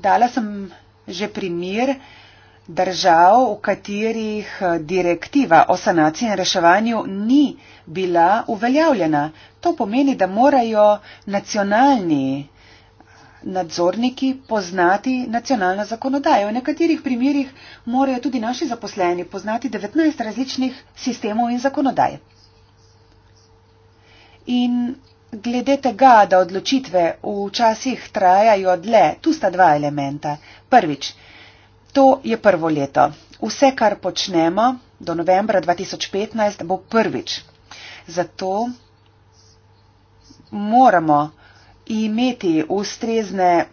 dala sem že primir držav, v katerih eh, direktiva o sanaciji in reševanju ni bila uveljavljena. To pomeni, da morajo nacionalni eh, nadzorniki poznati nacionalno zakonodajo. V nekaterih primerjih morajo tudi naši zaposleni poznati 19 različnih sistemov in zakonodaj. In glede tega, da odločitve včasih trajajo dlje, tu sta dva elementa. Prvič, to je prvo leto. Vse, kar počnemo do novembra 2015, bo prvič. Zato moramo imeti ustrezne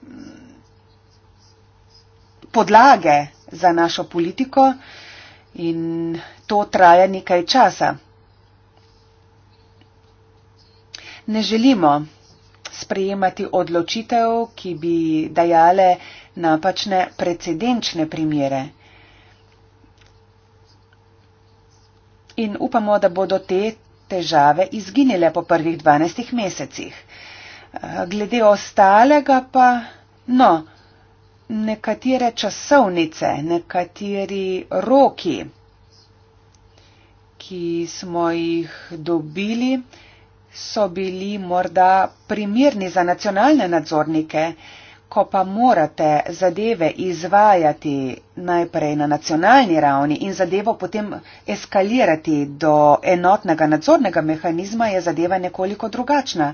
podlage za našo politiko in to traja nekaj časa. ne želimo sprejemati odločitev, ki bi dajale napačne precedenčne primere. In upamo, da bodo te težave izginile po prvih 12 mesecih. Glede ostalega pa, no, nekatere časovnice, nekateri roki, ki smo jih dobili, so bili morda primirni za nacionalne nadzornike, ko pa morate zadeve izvajati najprej na nacionalni ravni in zadevo potem eskalirati do enotnega nadzornega mehanizma, je zadeva nekoliko drugačna.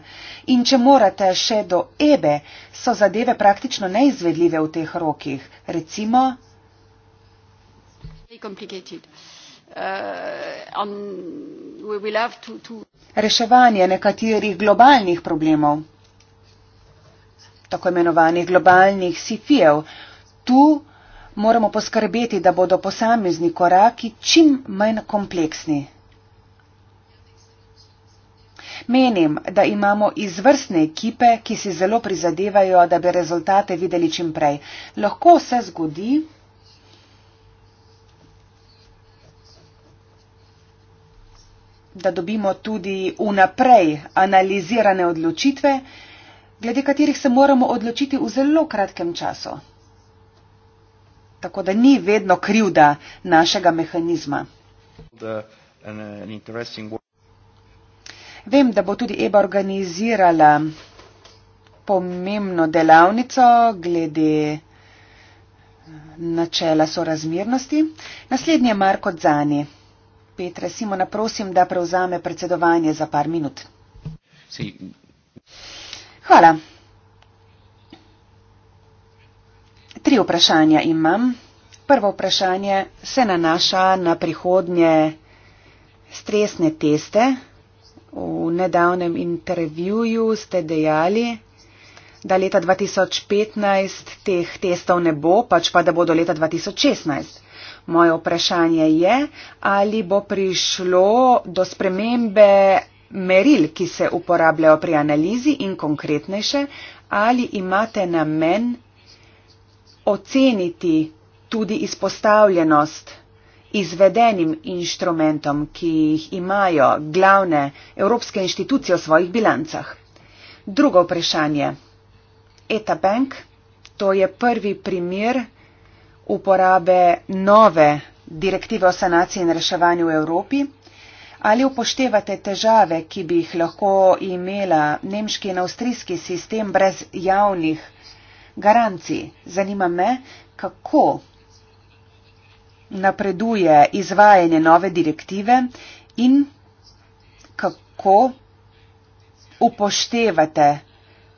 In če morate še do ebe, so zadeve praktično neizvedljive v teh rokih. Recimo. Complicated. Uh, reševanje nekaterih globalnih problemov, tako imenovanih globalnih sifijev. Tu moramo poskrbeti, da bodo posamezni koraki čim manj kompleksni. Menim, da imamo izvrstne ekipe, ki si zelo prizadevajo, da bi rezultate videli čim prej. Lahko se zgodi, da dobimo tudi unaprej analizirane odločitve, glede katerih se moramo odločiti v zelo kratkem času. Tako da ni vedno krivda našega mehanizma. Vem, da bo tudi EBA organizirala pomembno delavnico glede načela sorazmernosti. Naslednji je Marko Zani. Petra Simona, prosim, da prevzame predsedovanje za par minut. Si. Hvala. Tri vprašanja imam. Prvo vprašanje se nanaša na prihodnje stresne teste. V nedavnem intervjuju ste dejali, da leta 2015 teh testov ne bo, pač pa da bodo leta 2016. Moje vprašanje je, ali bo prišlo do spremembe meril, ki se uporabljajo pri analizi in konkretnejše, ali imate namen oceniti tudi izpostavljenost izvedenim inštrumentom, ki jih imajo glavne evropske inštitucije v svojih bilancah. Drugo vprašanje. ETA Bank, to je prvi primer uporabe nove direktive o sanaciji in reševanju v Evropi? Ali upoštevate težave, ki bi jih lahko imela nemški in avstrijski sistem brez javnih garancij? Zanima me, kako napreduje izvajanje nove direktive in kako upoštevate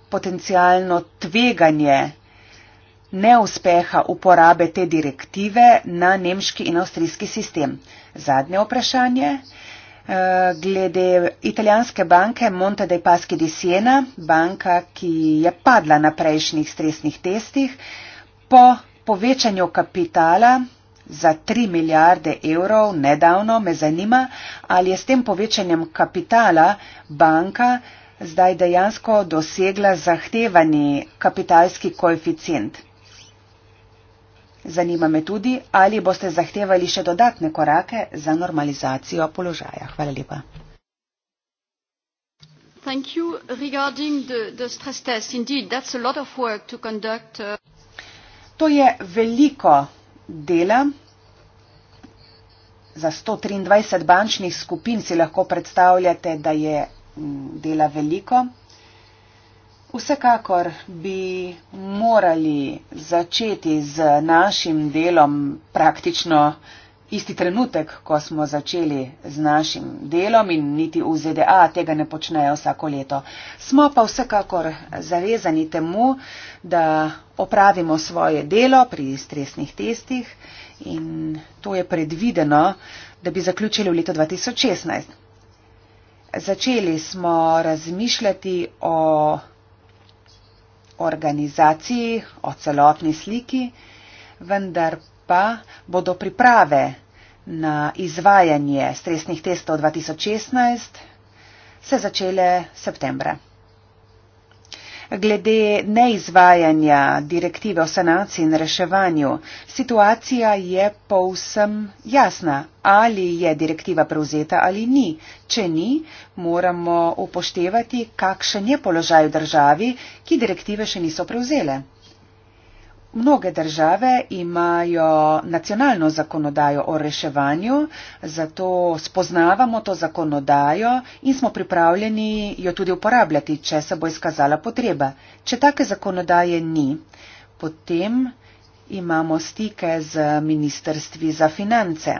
potencijalno tveganje neuspeha uporabe te direktive na nemški in avstrijski sistem. Zadnje vprašanje. Eh, glede italijanske banke Monte dei Paschi di Siena, banka, ki je padla na prejšnjih stresnih testih, po povečanju kapitala za 3 milijarde evrov nedavno me zanima, ali je s tem povečanjem kapitala banka zdaj dejansko dosegla zahtevani kapitalski koeficient. Zanima me tudi, ali boste zahtevali še dodatne korake za normalizacijo položaja. Hvala lepa. Uh, to je veliko dela. Za 123 bančnih skupin si lahko predstavljate, da je mm, dela veliko. Vsekakor bi morali začeti z našim delom praktično isti trenutek, ko smo začeli z našim delom in niti v ZDA tega ne počnejo vsako leto. Smo pa vsekakor zavezani temu, da opravimo svoje delo pri stresnih testih in to je predvideno, da bi zaključili v letu 2016. Začeli smo razmišljati o organizaciji, o celotni sliki, vendar pa bodo priprave na izvajanje stresnih testov 2016 se začele septembra. Glede neizvajanja direktive o sanaciji in reševanju, situacija je povsem jasna, ali je direktiva prevzeta ali ni. Če ni, moramo upoštevati, kakšen je položaj v državi, ki direktive še niso prevzele. Mnoge države imajo nacionalno zakonodajo o reševanju, zato spoznavamo to zakonodajo in smo pripravljeni jo tudi uporabljati, če se bo izkazala potreba. Če take zakonodaje ni, potem imamo stike z Ministrstvi za finance.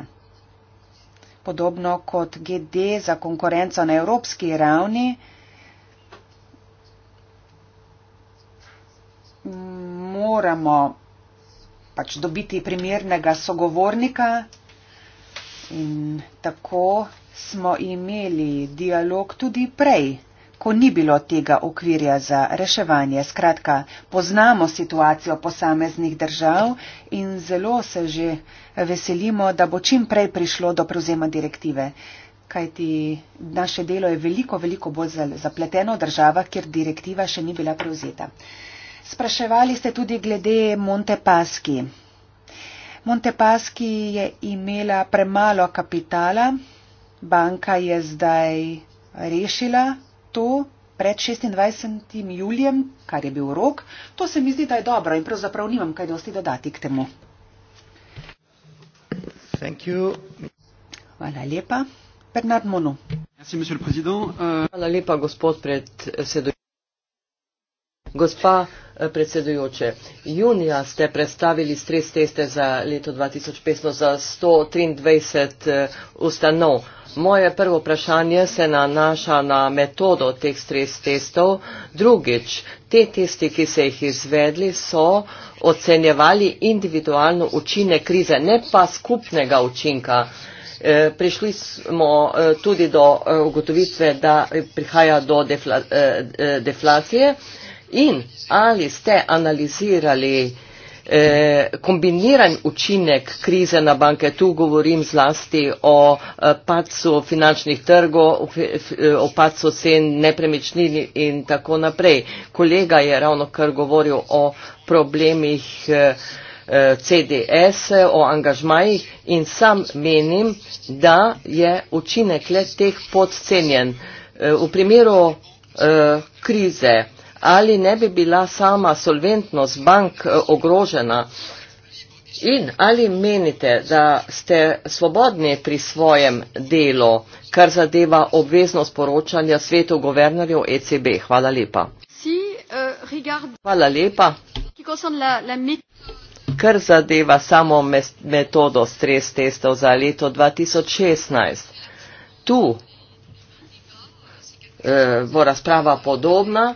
Podobno kot GD za konkurenco na evropski ravni. moramo pač dobiti primernega sogovornika. In tako smo imeli dialog tudi prej, ko ni bilo tega okvirja za reševanje. Skratka, poznamo situacijo posameznih držav in zelo se že veselimo, da bo čim prej prišlo do prevzema direktive. Kajti naše delo je veliko, veliko bolj zapleteno v državah, kjer direktiva še ni bila prevzeta. Spraševali ste tudi glede Montepaski. Montepaski je imela premalo kapitala, banka je zdaj rešila to pred 26. julijem, kar je bil rok. To se mi zdi, da je dobro in pravzaprav nimam kaj dosti dodati k temu. Hvala lepa. Bernard Monu. Euh, Hvala lepa, gospod predsedujoči. Gospa eh, predsedujoče, junija ste predstavili stres teste za leto 2015 za 123 eh, ustanov. Moje prvo vprašanje se nanaša na metodo teh stres testov. Drugič, te testi, ki se jih izvedli, so ocenjevali individualno učine krize, ne pa skupnega učinka. Eh, prišli smo tudi do ugotovitve, da prihaja do defla, deflacije. In ali ste analizirali eh, kombiniran učinek krize na banke, tu govorim zlasti o eh, pacu finančnih trgov, o eh, pacu cen nepremičnin in tako naprej. Kolega je ravno kar govoril o problemih eh, eh CDS, o angažmajih in sam menim, da je učinek le teh podcenjen. Eh, v primeru eh, krize ali ne bi bila sama solventnost bank eh, ogrožena in ali menite, da ste svobodni pri svojem delu, kar zadeva obveznost poročanja svetu guvernerjev ECB. Hvala lepa. Eh, Hvala lepa. Kar zadeva samo metodo stres testov za leto 2016. Tu eh, bo razprava podobna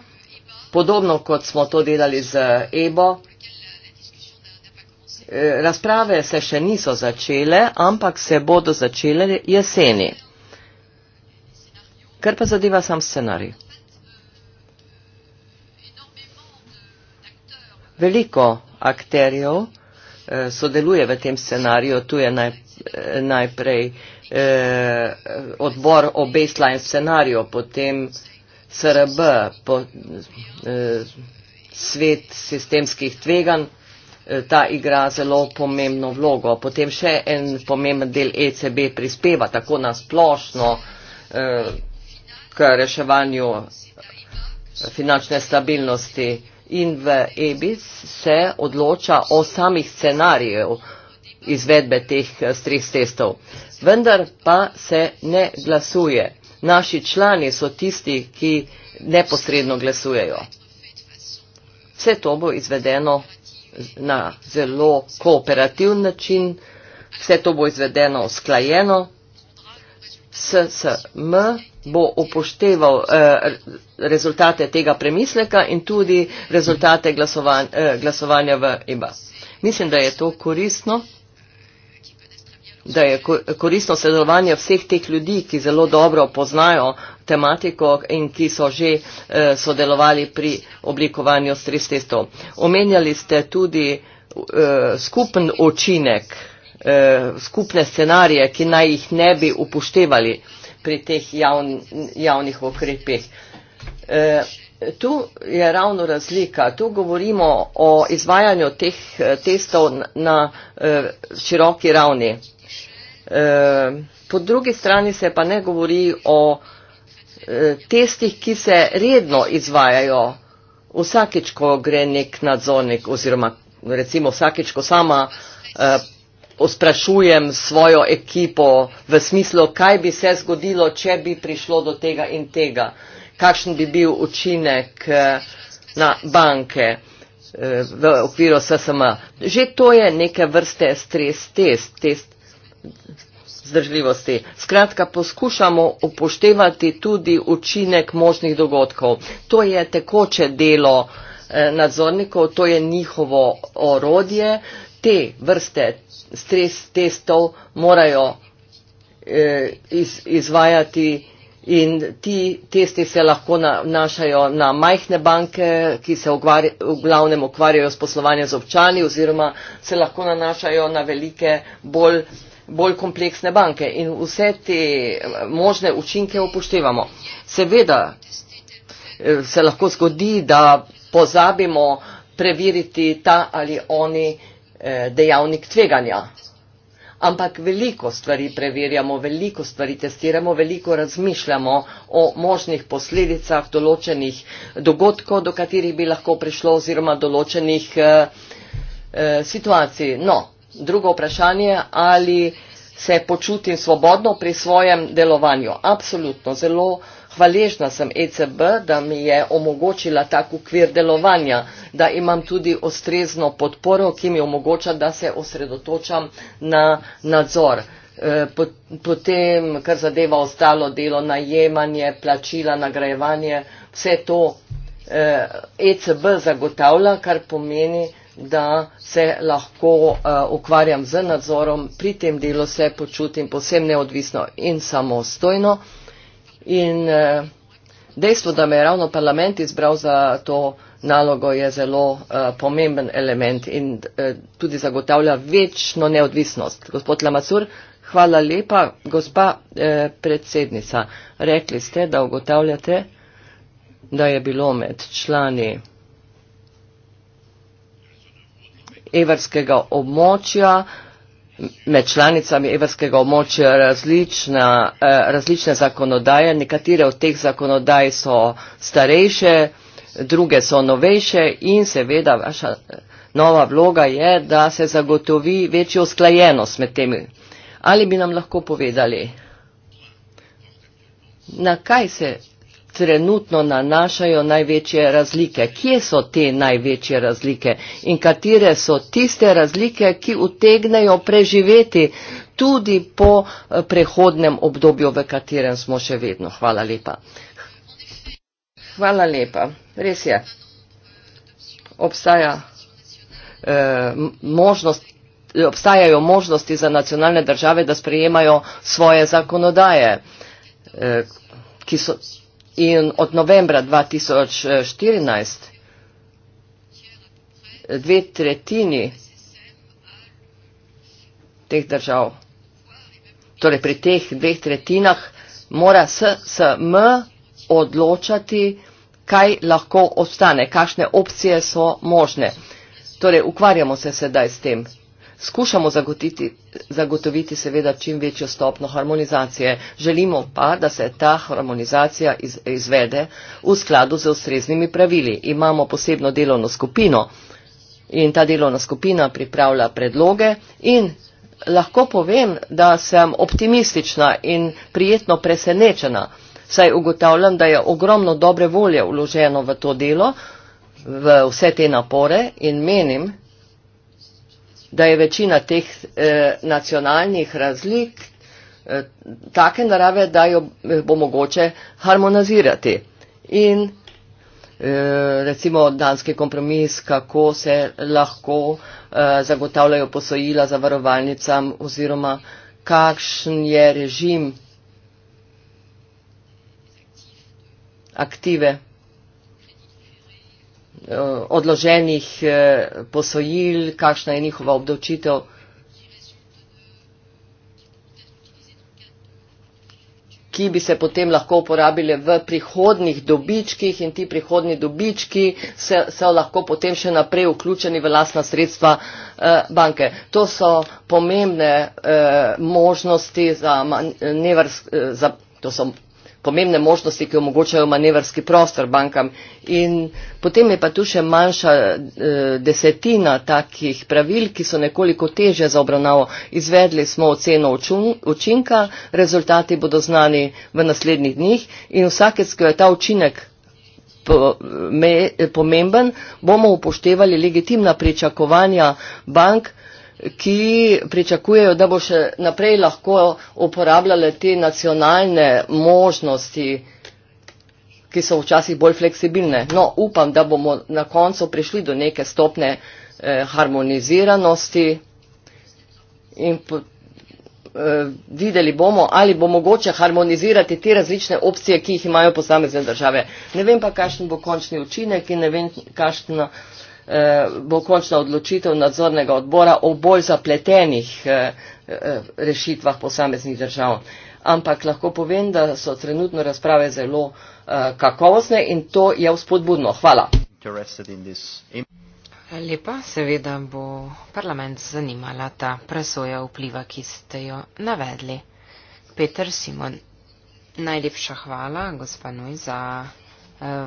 podobno kot smo to delali z EBO. Eh, razprave se še niso začele, ampak se bodo začele jeseni. Kar pa zadeva sam scenarij. Veliko akterjev eh, sodeluje v tem scenariju, tu je eh, najprej odbor o baseline scenariju, potem vsega, SRB, po, eh, svet sistemskih tveganj, eh, ta igra zelo pomembno vlogo. Potem še en pomemben del ECB prispeva tako na splošno eh, k reševanju finančne stabilnosti in v EBIS se odloča o samih scenarijev izvedbe teh eh, stres testov. Vendar pa se ne glasuje naši člani so tisti, ki neposredno glasujejo. Vse to bo izvedeno na zelo kooperativ način, vse to bo izvedeno usklajeno. SSM bo upošteval eh, rezultate tega premisleka in tudi rezultate glasovan, eh, glasovanja v IBA. Mislim, da je to koristno da je koristno sodelovanje vseh teh ljudi, ki zelo dobro poznajo tematiko in ki so že eh, sodelovali pri oblikovanju stres testov. Omenjali ste tudi eh, skupen očinek, eh, skupne scenarije, ki naj jih ne bi upoštevali pri teh javn, javnih okrepih. Eh, Tu je ravno razlika. Tu govorimo o izvajanju teh eh, testov na, na eh, široki ravni. Ehm, po drugi strani se pa ne govori o eh, testih, ki se redno izvajajo vsakeč, ko gre nek nadzornik oziroma recimo vsakeč, ko sama osprašujem eh, svojo ekipo v smislu, kaj bi se zgodilo, če bi prišlo do tega in tega, kakšen bi bil učinek eh, na banke v okviru SSM. Že to je neke vrste stres test, test zdržljivosti. Skratka, poskušamo upoštevati tudi učinek možnih dogodkov. To je tekoče delo eh, nadzornikov, to je njihovo orodje. Te vrste stres testov morajo eh, iz, izvajati in ti testi se lahko nanašajo na majhne banke, ki se v glavnem ukvarjajo s poslovanjem z občani oziroma se lahko nanašajo na velike, bolj bolj kompleksne banke in vse te eh, možne učinke upoštevamo. Seveda eh, se lahko zgodi, da pozabimo preveriti ta ali oni eh, dejavnik tveganja. Ampak veliko stvari preverjamo, veliko stvari testiramo, veliko razmišljamo o možnih posledicah določenih dogodkov, do katerih bi lahko prišlo oziroma določenih eh, eh, situacij. No, Drugo vprašanje, ali se počutim svobodno pri svojem delovanju. Absolutno, zelo hvaležna sem ECB, da mi je omogočila tak ukvir delovanja, da imam tudi ustrezno podporo, ki mi omogoča, da se osredotočam na nadzor. Eh, potem, kar zadeva ostalo delo, najemanje, plačila, nagrajevanje, vse to ECB eh, e zagotavlja, kar pomeni, da se lahko uh, ukvarjam z nadzorom, pri tem delu se počutim posebno neodvisno in samostojno. In uh, dejstvo, da me je ravno parlament izbral za to nalogo, je zelo uh, pomemben element in uh, tudi zagotavlja večno neodvisnost. Gospod Lamasur, hvala lepa. Gospa uh, predsednica, rekli ste, da ugotavljate, da je bilo med člani. evrskega območja, med članicami evrskega območja različna, eh, različne zakonodaje, nekatere od teh zakonodaj so starejše, druge so novejše in seveda vaša eh, nova vloga je, da se zagotovi večjo sklajenost med temi. Ali bi nam lahko povedali, na kaj se trenutno nanašajo največje razlike? Kje so te največje razlike in katere so tiste razlike, ki utegnejo preživeti tudi po eh, prehodnem obdobju, v katerem smo še vedno? Hvala lepa. Hvala lepa. Res je. Obstaja eh, možnost obstajajo možnosti za nacionalne države, da sprejemajo svoje zakonodaje, eh, ki so, in od novembra 2014 dve tretjini teh držav, torej pri teh dveh tretjinah mora SSM odločati, kaj lahko ostane, kakšne opcije so možne. Torej, ukvarjamo se sedaj s tem. Skušamo zagotiti, zagotoviti seveda čim večjo stopno harmonizacije. Želimo pa, da se ta harmonizacija iz, izvede v skladu z ustreznimi pravili. Imamo posebno delovno skupino in ta delovna skupina pripravlja predloge in lahko povem, da sem optimistična in prijetno presenečena, saj ugotavljam, da je ogromno dobre volje vloženo v to delo, v vse te napore in menim, da je večina teh eh, nacionalnih razlik eh, take narave, da jo eh, bo mogoče harmonizirati. In eh, recimo danski kompromis, kako se lahko eh, zagotavljajo posojila za varovalnicam oziroma kakšen je režim aktive. Eh, odloženih eh, posojil, kakšna je njihova obdočitev. ki bi se potem lahko uporabile v prihodnih dobičkih in ti prihodni dobički se, se lahko potem še naprej vključeni v lasna sredstva eh, banke. To so pomembne eh, možnosti za manevrsko, eh, to so pomembne možnosti, ki omogočajo manevrski prostor bankam. In potem je pa tu še manjša eh, desetina takih pravil, ki so nekoliko teže za obravnavo. Izvedli smo oceno učinka, rezultati bodo znani v naslednjih dneh in vsakec, ko je ta učinek pomemben, bomo upoštevali legitimna pričakovanja bank, ki pričakujejo, da bo še naprej lahko uporabljale te nacionalne možnosti, ki so včasih bolj fleksibilne. No, upam, da bomo na koncu prišli do neke stopne eh, harmoniziranosti in po, eh, videli bomo, ali bo mogoče harmonizirati te različne opcije, ki jih imajo posamezne države. Ne vem pa, kakšen bo končni učinek in ne vem, kakšna. Eh, Eh, bo končna odločitev nadzornega odbora o bolj zapletenih eh, eh, rešitvah posameznih držav. Ampak lahko povem, da so trenutno razprave zelo kakovostne in to je vzpodbudno. Hvala. Lepa, seveda bo parlament zanimala ta presoja vpliva, ki ste jo navedli. Peter Simon, najlepša hvala, gospa Noj, za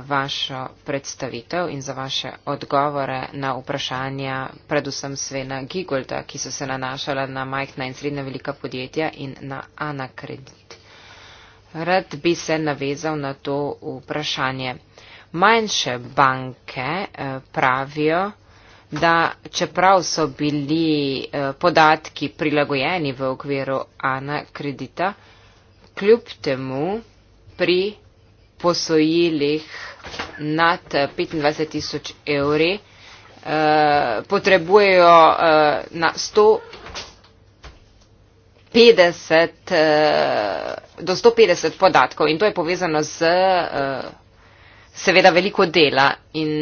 vašo predstavitev in za vaše odgovore na vprašanja predvsem Svena Gigolda, ki so se nanašala na majhna in srednja velika podjetja in na Anakredit. Rad bi se navezal na to vprašanje. Manjše banke eh, pravijo, da čeprav so bili eh, podatki prilagojeni v okviru Anakredita, kljub temu pri posojilih nad 25 eh, tisoč evri eh, potrebujejo eh, na 150, do 150 podatkov in to je povezano z seveda veliko dela in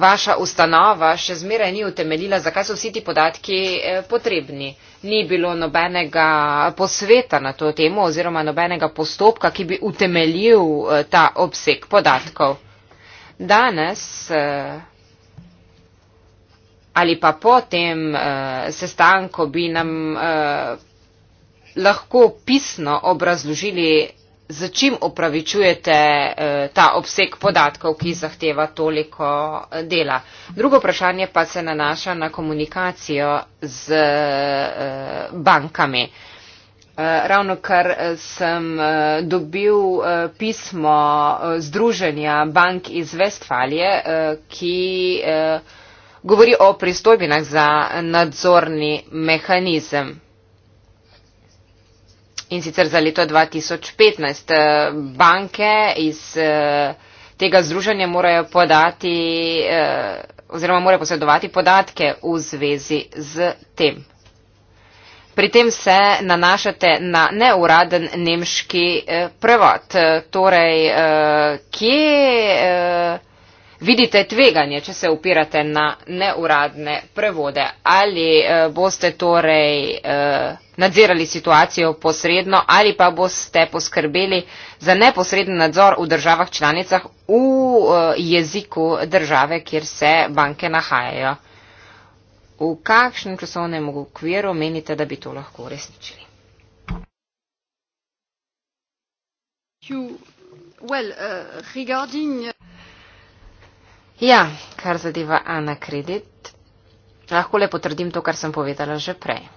vaša ustanova še zmeraj ni utemeljila, zakaj so vsi ti podatki eh, potrebni. Ni bilo nobenega posveta na to temo oziroma nobenega postopka, ki bi utemeljil eh, ta obseg podatkov. Danes eh, ali pa po tem sestanku bi nam lahko pisno obrazložili za čim upravičujete eh, ta obseg podatkov, ki zahteva toliko eh, dela. Drugo vprašanje pa se nanaša na komunikacijo z eh, bankami. Ravno kar sem dobil pismo Združenja bank iz Vestfalije, ki govori o pristojbinah za nadzorni mehanizem in sicer za leto 2015. Eh, banke iz eh, tega združenja morajo podati eh, oziroma morajo posredovati podatke v zvezi z tem. Pri tem se nanašate na neuraden nemški prevod. Torej, kje vidite tveganje, če se upirate na neuradne prevode? Ali eh, boste torej eh, nadzirali situacijo posredno ali pa boste poskrbeli za neposreden nadzor v državah članicah v eh, jeziku države, kjer se banke nahajajo? V kakšnem časovnem okviru menite, da bi to lahko uresničili? Well, uh, regarding Ja, kar zadeva Ana Kredit, lahko le potrdim to, kar sem povedala že prej.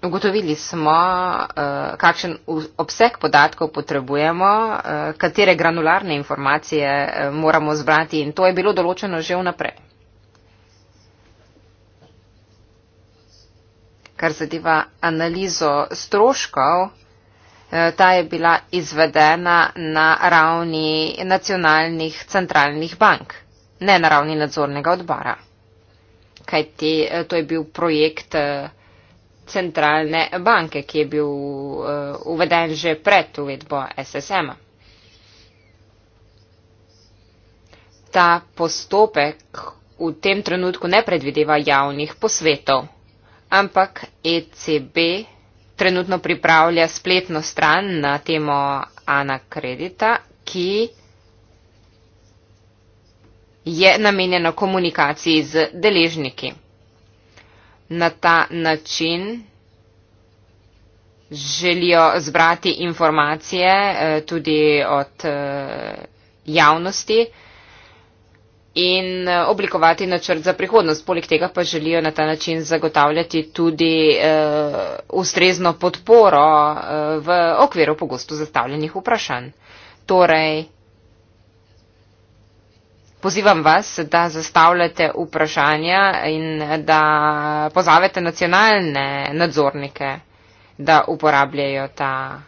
Ugotovili smo, eh, kakšen obseg podatkov potrebujemo, eh, katere granularne informacije eh, moramo zbrati in to je bilo določeno že vnaprej. Kar zadeva analizo stroškov, Eh, ta je bila izvedena na ravni nacionalnih centralnih bank, ne na ravni nadzornega odbora. Kaj ti, eh, to je bil projekt eh, centralne banke, ki je bil uveden že pred uvedbo SSM-a. Ta postopek v tem trenutku ne predvideva javnih posvetov, ampak ECB trenutno pripravlja spletno stran na temo Ana Kredita, ki je namenjena komunikaciji z deležniki. Na ta način želijo zbrati informacije eh, tudi od eh, javnosti, in eh, oblikovati načrt za prihodnost. Poleg tega pa želijo na ta način zagotavljati tudi uh, ustrezno podporo uh, v okviru pogosto zastavljenih vprašanj. Torej, pozivam vas, da zastavljate vprašanja in da pozavete nacionalne nadzornike, da uporabljajo ta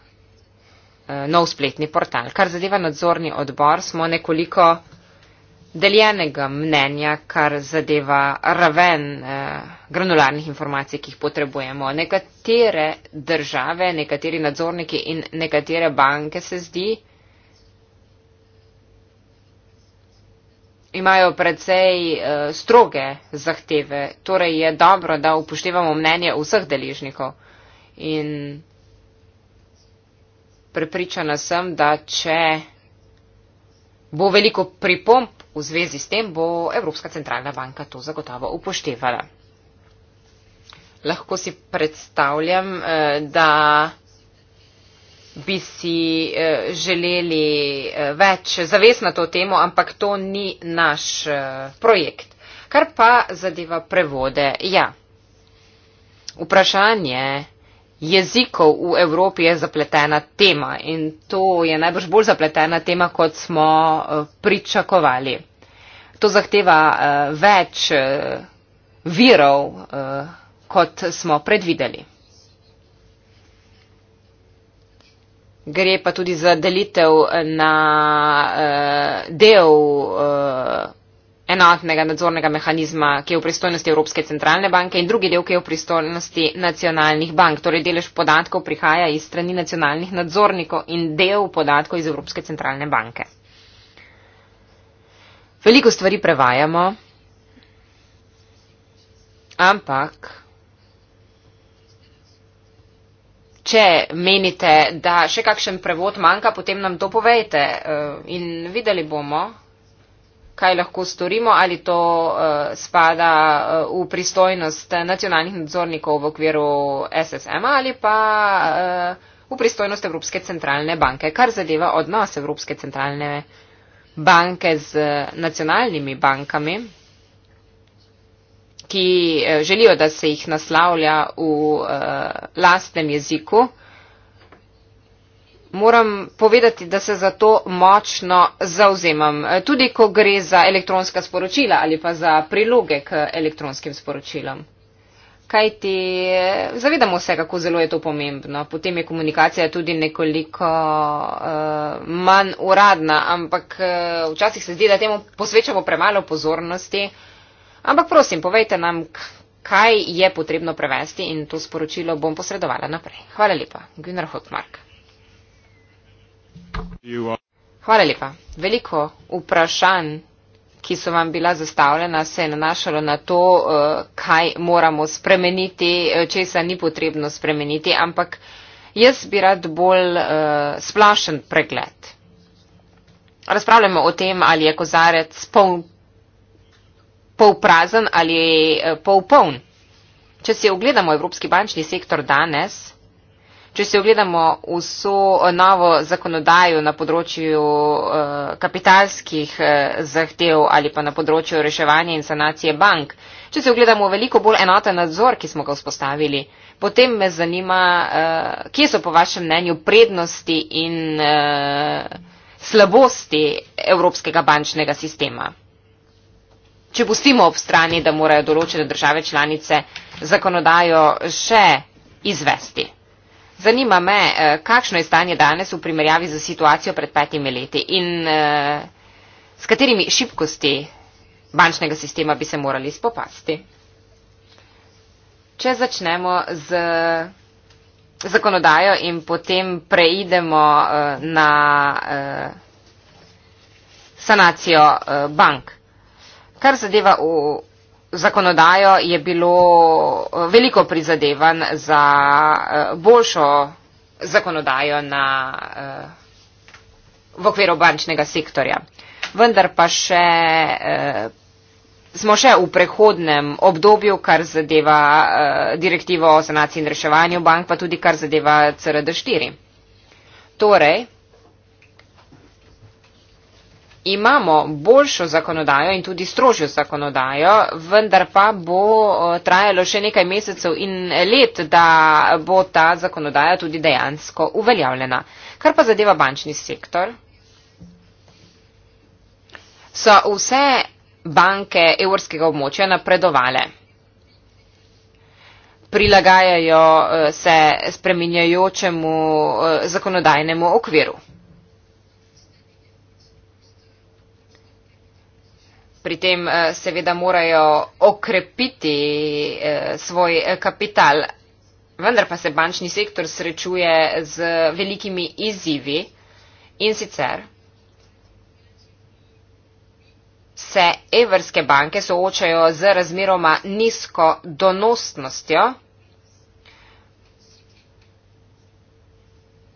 uh, nov spletni portal. Kar zadeva nadzorni odbor, smo nekoliko deljenega mnenja, kar zadeva raven eh, granularnih informacij, ki jih potrebujemo. Nekatere države, nekateri nadzorniki in nekatere banke se zdi, imajo predvsej eh, stroge zahteve. Torej je dobro, da upoštevamo mnenje vseh deležnikov. In prepričana sem, da če bo veliko pripomp, V zvezi s tem bo Evropska centralna banka to zagotovo upoštevala. Lahko si predstavljam, eh, da bi si eh, želeli eh, več zaves na to temo, ampak to ni naš projekt. Kar pa zadeva prevode, ja. Vprašanje jezikov v Evropi je zapletena tema in to je najbrž bolj zapletena tema, kot smo eh, pričakovali. To zahteva eh, več eh, virov, kot smo predvideli. Gre pa tudi za delitev na del enotnega nadzornega mehanizma, ki je v pristojnosti Evropske centralne banke in drugi del, ki je v pristojnosti nacionalnih bank. Torej delež podatkov prihaja iz strani nacionalnih nadzornikov in del podatkov iz Evropske centralne banke. Veliko stvari prevajamo, ampak če menite, da še kakšen prevod manjka, potem nam to povejte eh, in videli bomo, kaj lahko storimo, ali to uh, spada uh, v pristojnost nacionalnih nadzornikov v okviru SSM ali pa uh, v pristojnost Evropske centralne banke, kar zadeva odnos Evropske centralne banke z nacionalnimi bankami, ki uh, želijo, da se jih naslavlja v uh, lastnem jeziku moram povedati, da se za to močno zauzemam, e, tudi ko gre za elektronska sporočila ali pa za priloge k elektronskim sporočilom. Kaj ti e, zavedamo se, kako zelo je to pomembno. Potem je komunikacija tudi nekoliko uh, manj uradna, ampak uh, včasih se zdi, da temu posvečamo premalo pozornosti. Ampak prosim, povejte nam, kaj je potrebno prevesti in to sporočilo bom posredovala naprej. Hvala lepa. Günar Hotmark. Hvala lepa. Veliko vprašanj, ki so vam bila zastavljena, se je nanašalo na to, eh, kaj moramo spremeniti, eh, česa ni potrebno spremeniti, ampak jaz bi rad bolj eh, splašen pregled. Razpravljamo o tem, ali je kozarec poln. Polprazen ali polpoln. Če si ogledamo evropski bančni sektor danes, Če se ogledamo vso eh, novo zakonodajo na področju eh, kapitalskih eh, zahtev ali pa na področju reševanja in sanacije bank, če se ogledamo veliko bolj enoten nadzor, ki smo ga vzpostavili, potem me zanima, kje so po vašem mnenju prednosti in slabosti evropskega bančnega sistema. Če pustimo ob strani, da morajo določene države članice zakonodajo še izvesti. Zanima me, eh, kakšno je stanje danes v primerjavi z situacijo pred petimi leti in eh, s katerimi šibkosti bančnega sistema bi se morali spopasti. Če začnemo z zakonodajo in potem preidemo eh, na sanacijo bank. Kar zadeva zakonodajo je bilo eh, veliko prizadevanj za eh, boljšo zakonodajo na, eh, v okviru bančnega sektorja. Vendar pa še, smo še v prehodnem obdobju, kar zadeva direktivo o sanaciji in reševanju bank, pa tudi kar zadeva CRD4. Torej, imamo boljšo zakonodajo in tudi strožjo zakonodajo, vendar pa bo eh, trajalo še nekaj mesecev in let, da bo ta zakonodaja tudi dejansko uveljavljena. Kar pa zadeva bančni sektor, so vse banke evropskega območja napredovale. Prilagajajo eh, se spreminjajočemu eh, zakonodajnemu okviru. pri tem eh, seveda morajo okrepiti eh, svoj eh, kapital. Vendar pa se bančni sektor srečuje z velikimi izzivi in sicer se evrske banke soočajo z razmeroma nizko donosnostjo.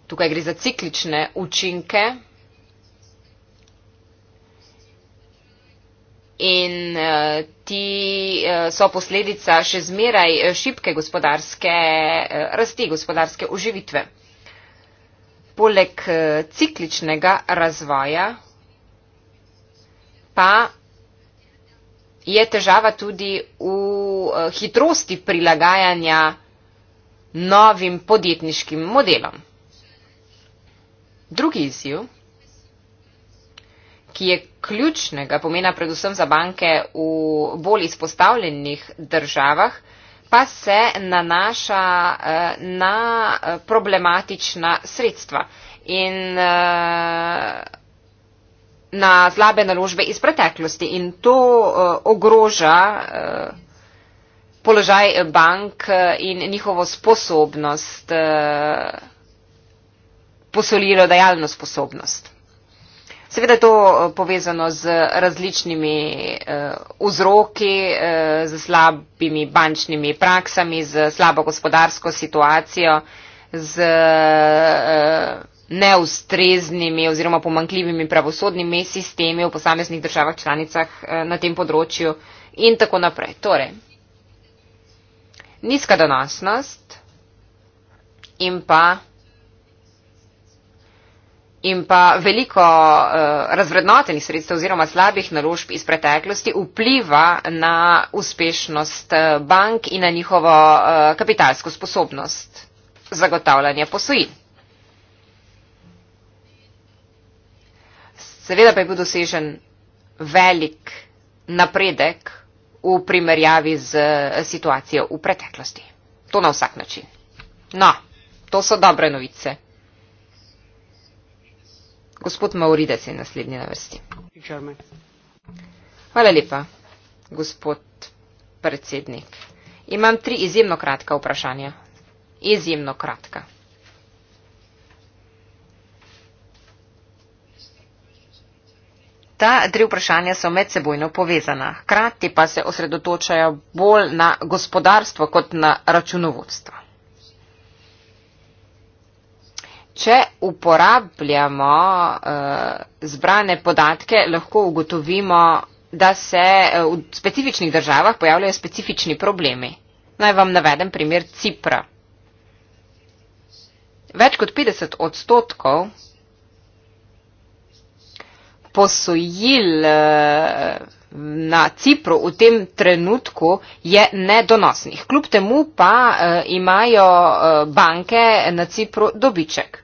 Tukaj gre za ciklične učinke in eh, ti eh, so posledica še zmeraj eh, šibke gospodarske rasti, gospodarske uživitve. Poleg cikličnega razvoja pa je težava tudi v hitrosti prilagajanja novim podjetniškim modelom. Drugi izziv ki je ključnega pomena predvsem za banke v bolj izpostavljenih državah, pa se nanaša eh, na eh, problematična sredstva in eh, na slabe naložbe iz preteklosti. In to ogroža položaj bank in njihovo sposobnost, posolilo dejalno sposobnost. Seveda je to eh, povezano z različnimi uh, vzroki, uh, z slabimi bančnimi praksami, z slabo gospodarsko situacijo, z uh, neustreznimi oziroma pomankljivimi pravosodnimi sistemi v posameznih državah članicah uh, na tem področju in tako naprej. Torej, nizka donosnost in pa in pa veliko uh, razvrednotenih sredstev oziroma slabih naložb iz preteklosti vpliva na uspešnost eh, bank in na njihovo uh, kapitalsko sposobnost zagotavljanja posojil. Seveda pa je bil dosežen velik napredek v primerjavi z situacijo v preteklosti. To na vsak način. No, to so dobre novice gospod Maurides je naslednji na vrsti. Hvala lepa, gospod predsednik. Imam tri izjemno kratka vprašanja. Izjemno kratka. Ta tri vprašanja so medsebojno povezana, hkrati pa se osredotočajo bolj na gospodarstvo kot na računovodstvo. Če uporabljamo uh, zbrane podatke, lahko ugotovimo, da se eh, v specifičnih državah pojavljajo specifični problemi. Naj vam navedem primer Cipra. Več kot 50 odstotkov posojil eh, na Cipru v tem trenutku je nedonosnih. Kljub temu pa imajo banke na Cipru dobiček.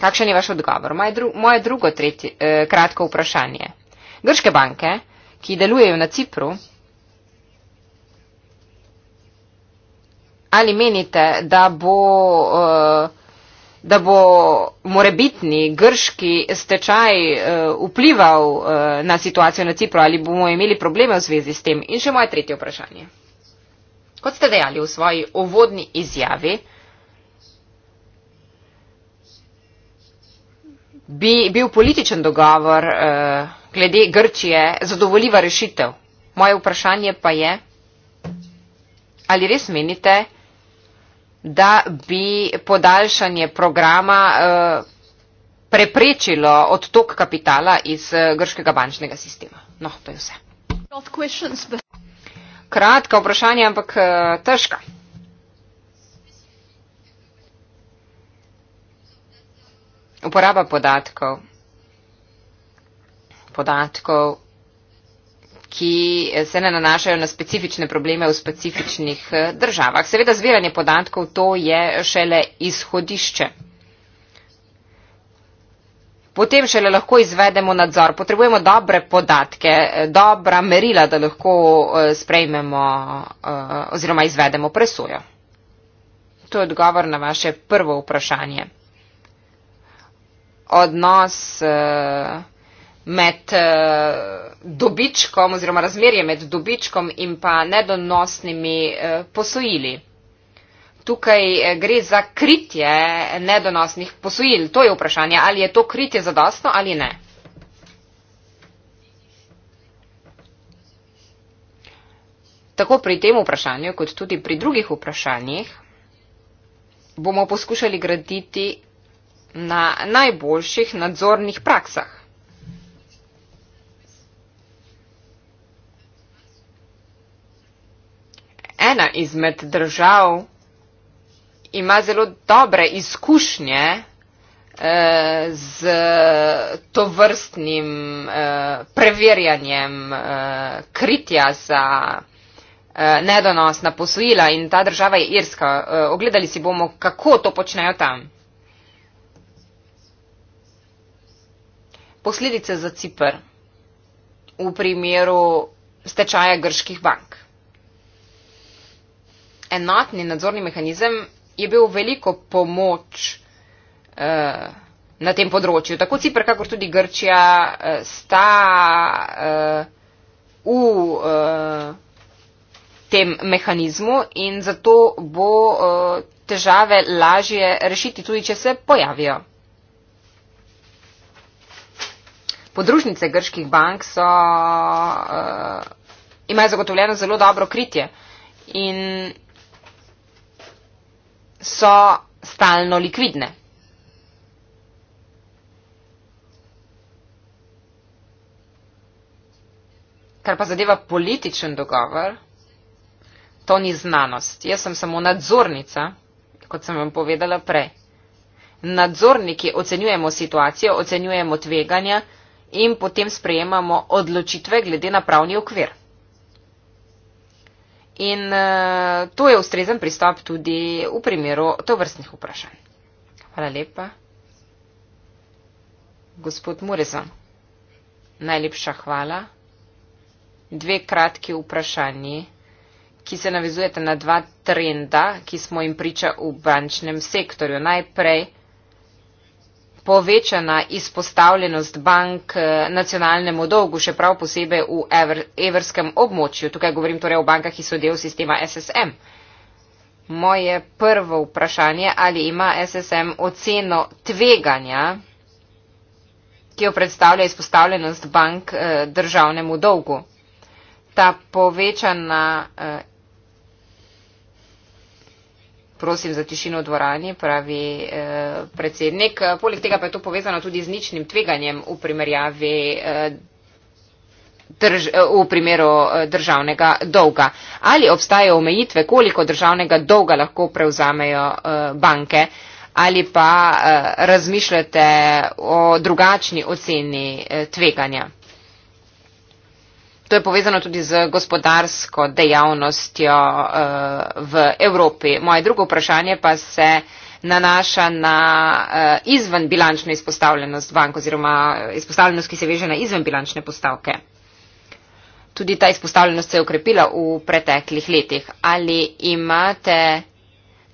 Kakšen je vaš odgovor? Moje, dru moje drugo, tretje, eh, kratko vprašanje. Grške banke, ki delujejo na Cipru, ali menite, da bo, eh, da bo morebitni grški stečaj eh, vplival eh, na situacijo na Cipru, ali bomo imeli probleme v zvezi s tem? In še moje tretje vprašanje. Kot ste dejali v svoji uvodni izjavi, bi bil političen dogovor uh, glede Grčije zadovoljiva rešitev. Moje vprašanje pa je, ali res menite, da bi podaljšanje programa uh, preprečilo odtok kapitala iz uh, grškega bančnega sistema. No, to je vse. Kratka vprašanja, ampak težka. Uporaba podatkov. Podatkov, ki se ne nanašajo na specifične probleme v specifičnih eh, državah. Seveda, zbiranje podatkov to je šele izhodišče. Potem šele lahko izvedemo nadzor. Potrebujemo dobre podatke, eh, dobra merila, da lahko eh, sprejmemo oziroma izvedemo presojo. To je odgovor na vaše prvo vprašanje odnos uh, med uh, dobičkom oziroma razmerje med dobičkom in pa nedonosnimi uh, posojili. Tukaj gre za kritje nedonosnih posojil. To je vprašanje, ali je to kritje zadostno ali ne. Tako pri tem vprašanju, kot tudi pri drugih vprašanjih, bomo poskušali graditi na najboljših nadzornih praksah. Ena izmed držav ima zelo dobre izkušnje eh, z to vrstnim eh, preverjanjem eh, kritja za nedonosna posojila in ta država je Irska. Ogledali si bomo, kako to počnejo tam. posledice za Cipr v primeru stečaja grških bank. Enotni nadzorni mehanizem je bil veliko pomoč eh, na tem področju. Tako Cipr, kakor tudi Grčija eh, sta eh, v eh, tem mehanizmu in zato bo eh, težave lažje rešiti tudi, če se pojavijo. podružnice grških bank so, uh, imajo zagotovljeno zelo dobro kritje in so stalno likvidne. Kar pa zadeva političen dogovor, to ni znanost. Jaz sem samo nadzornica, kot sem vam povedala prej. Nadzorniki ocenjujemo situacijo, ocenjujemo tveganja, in potem sprejemamo odločitve glede na pravni okvir. In uh, to je ustrezen pristop tudi v primeru tovrstnih vprašanj. Hvala lepa. Gospod Murezan, najlepša hvala. Dve kratki vprašanji, ki se navizujete na dva trenda, ki smo jim priča v bančnem sektorju. Najprej povečana izpostavljenost bank eh, nacionalnemu dolgu, še prav posebej v ever, evrskem območju. Tukaj govorim torej o bankah, ki so del sistema SSM. Moje prvo vprašanje, ali ima SSM oceno tveganja, ki jo predstavlja izpostavljenost bank eh, državnemu dolgu. Ta povečana eh, prosim za tišino v dvorani, pravi eh, predsednik. Poleg tega pa je to povezano tudi z ničnim tveganjem v primerjavi. Eh, Drž, eh, v primeru eh, državnega dolga. Ali obstajajo omejitve, koliko državnega dolga lahko prevzamejo eh, banke, ali pa razmišljate o drugačni oceni tveganja? To je povezano tudi z gospodarsko dejavnostjo eh, v Evropi. Moje drugo vprašanje pa se nanaša na eh, izvenbilančno izpostavljenost bank oziroma eh, izpostavljenost, ki se veže na izvenbilančne postavke. Tudi ta izpostavljenost se je ukrepila v preteklih letih. Ali imate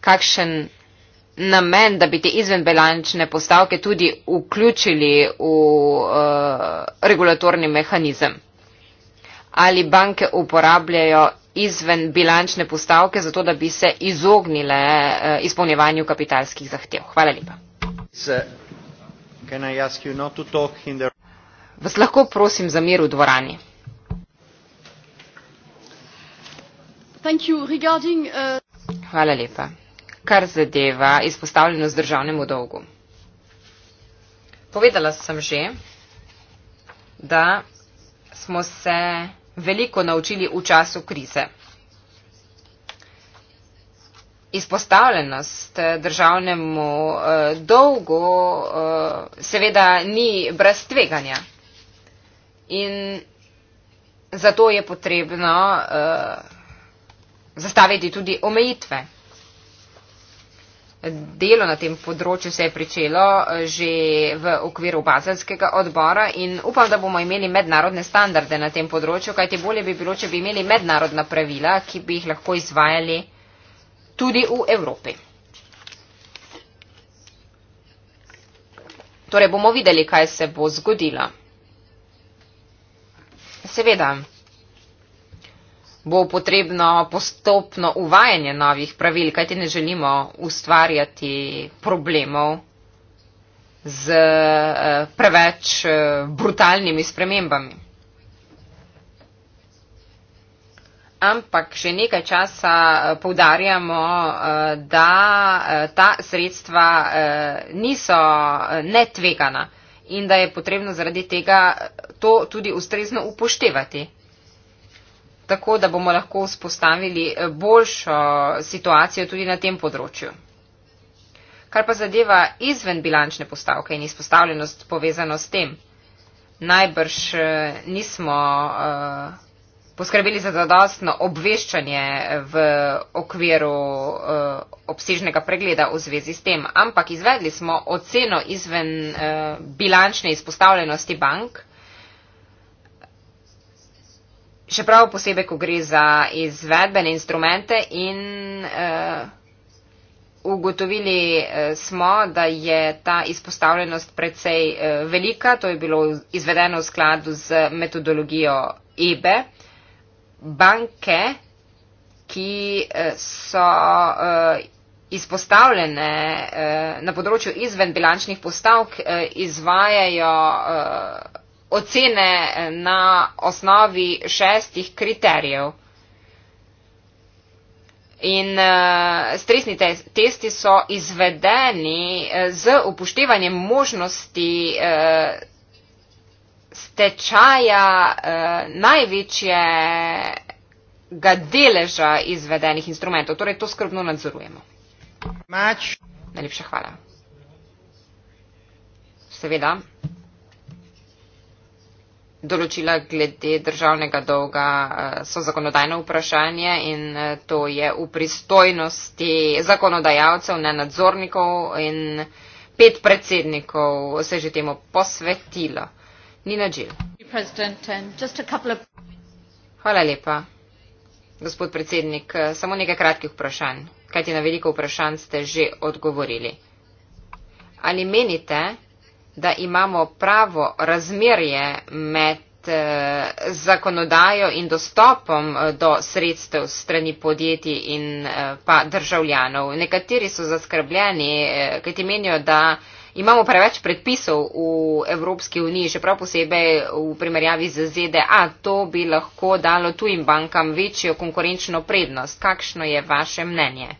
kakšen namen, da bi te izvenbilančne postavke tudi vključili v uh, regulatorni mehanizem? ali banke uporabljajo izven bilančne postavke, zato da bi se izognile eh, izpolnjevanju kapitalskih zahtev. Hvala lepa. Vas lahko prosim za mir v dvorani. Uh, Hvala lepa. Kar zadeva izpostavljenost državnemu dolgu. Povedala sem že, da smo se veliko naučili v času krize. Izpostavljenost eh, državnemu eh, dolgu eh, seveda ni brez tveganja in zato je potrebno zastaviti tudi omejitve delo na tem področju se je pričelo eh, že v okviru bazelskega odbora in upam, da bomo imeli mednarodne standarde na tem področju, kajti bolje bi bilo, če bi imeli mednarodna pravila, ki bi jih lahko izvajali tudi v Evropi. Torej bomo videli, kaj se bo zgodilo. Seveda bo potrebno postopno uvajanje novih pravil, kajti ne želimo ustvarjati problemov z eh, preveč eh, brutalnimi spremembami. Ampak še nekaj časa eh, poudarjamo, da ta sredstva niso netvegana in da je potrebno zaradi tega to tudi ustrezno upoštevati tako, da bomo lahko vzpostavili eh, boljšo eh, situacijo tudi na tem področju. Kar pa zadeva izven bilančne postavke in izpostavljenost povezano s tem, najbrž eh, nismo poskrbeli za zadostno obveščanje v okviru obsežnega pregleda v zvezi s tem, ampak izvedli smo oceno izven bilančne izpostavljenosti bank, še prav posebej, ko gre za izvedbene instrumente in uh, ugotovili uh, smo, da je ta izpostavljenost precej uh, velika. To je bilo izvedeno v skladu z metodologijo EBE. Banke, ki uh, so uh, izpostavljene na področju izven bilančnih postavk, izvajajo ocene na osnovi šestih kriterijev. In uh, stresni te testi so izvedeni uh, z upoštevanjem možnosti uh, stečaja uh, največjega deleža izvedenih instrumentov. Torej, to skrbno nadzorujemo. Mač. Najlepša hvala. Seveda določila glede državnega dolga eh, so zakonodajno vprašanje in eh, to je v pristojnosti zakonodajalcev, ne nadzornikov in pet predsednikov se že temu posvetilo. Nina Džil. Hvala lepa. Gospod predsednik, samo nekaj kratkih vprašanj, kajti na veliko vprašanj ste že odgovorili. Ali menite, da imamo pravo razmerje med eh, zakonodajo in dostopom eh, do sredstev strani podjetij in eh, pa državljanov. Nekateri so zaskrbljeni, kaj ti menijo, da imamo preveč predpisov v Evropski uniji, še prav posebej v primerjavi z ZDA. To bi lahko dalo tujim bankam večjo konkurenčno prednost. Kakšno je vaše mnenje?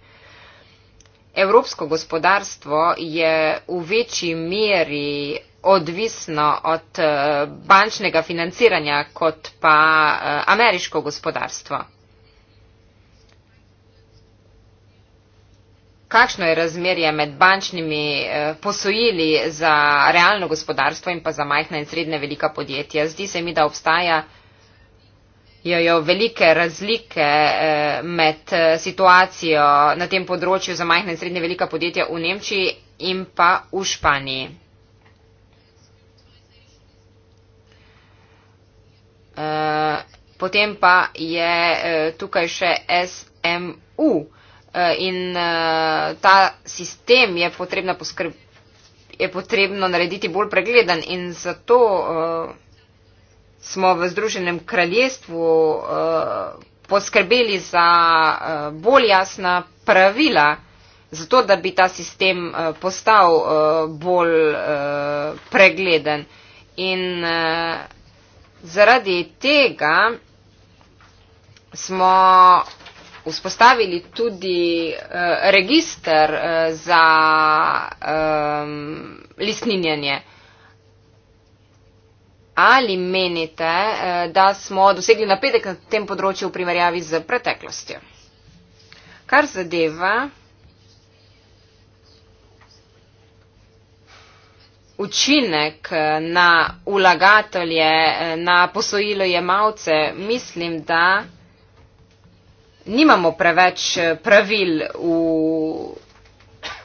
Evropsko gospodarstvo je v večji meri odvisno od eh, bančnega financiranja kot pa eh, ameriško gospodarstvo. Kakšno je razmerje med bančnimi eh, posojili za realno gospodarstvo in pa za majhna in srednja velika podjetja? Zdi se mi, da obstaja jojo velike razlike eh, med eh, situacijo na tem področju za majhne in srednje velika podjetja v Nemčiji in pa v Španiji. Eh, potem pa je tukaj še SMU in ta sistem je potrebno, poskrb, je potrebno narediti bolj pregleden in zato smo v Združenem kraljestvu eh, poskrbeli za eh, bolj jasna pravila, zato da bi ta sistem eh, postal bolj pregleden. In zaradi tega smo vzpostavili tudi register za listninjanje. Ali menite, eh, da smo dosegli napredek na tem področju v primerjavi z preteklostjo? Kar zadeva učinek eh, na ulagatelje, eh, na posojilo jemalce, mislim, da nimamo preveč pravil v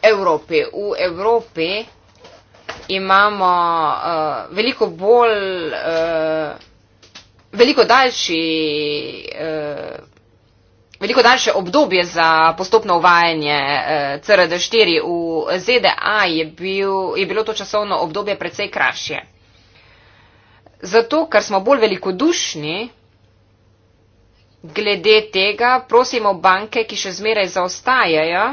Evropi. V Evropi imamo uh, veliko bolj, uh, veliko, daljši, uh, veliko daljše obdobje za postopno uvajanje uh, CRD4. V ZDA je, bil, je bilo to časovno obdobje precej krajše. Zato, ker smo bolj velikodušni glede tega, prosimo banke, ki še zmeraj zaostajajo,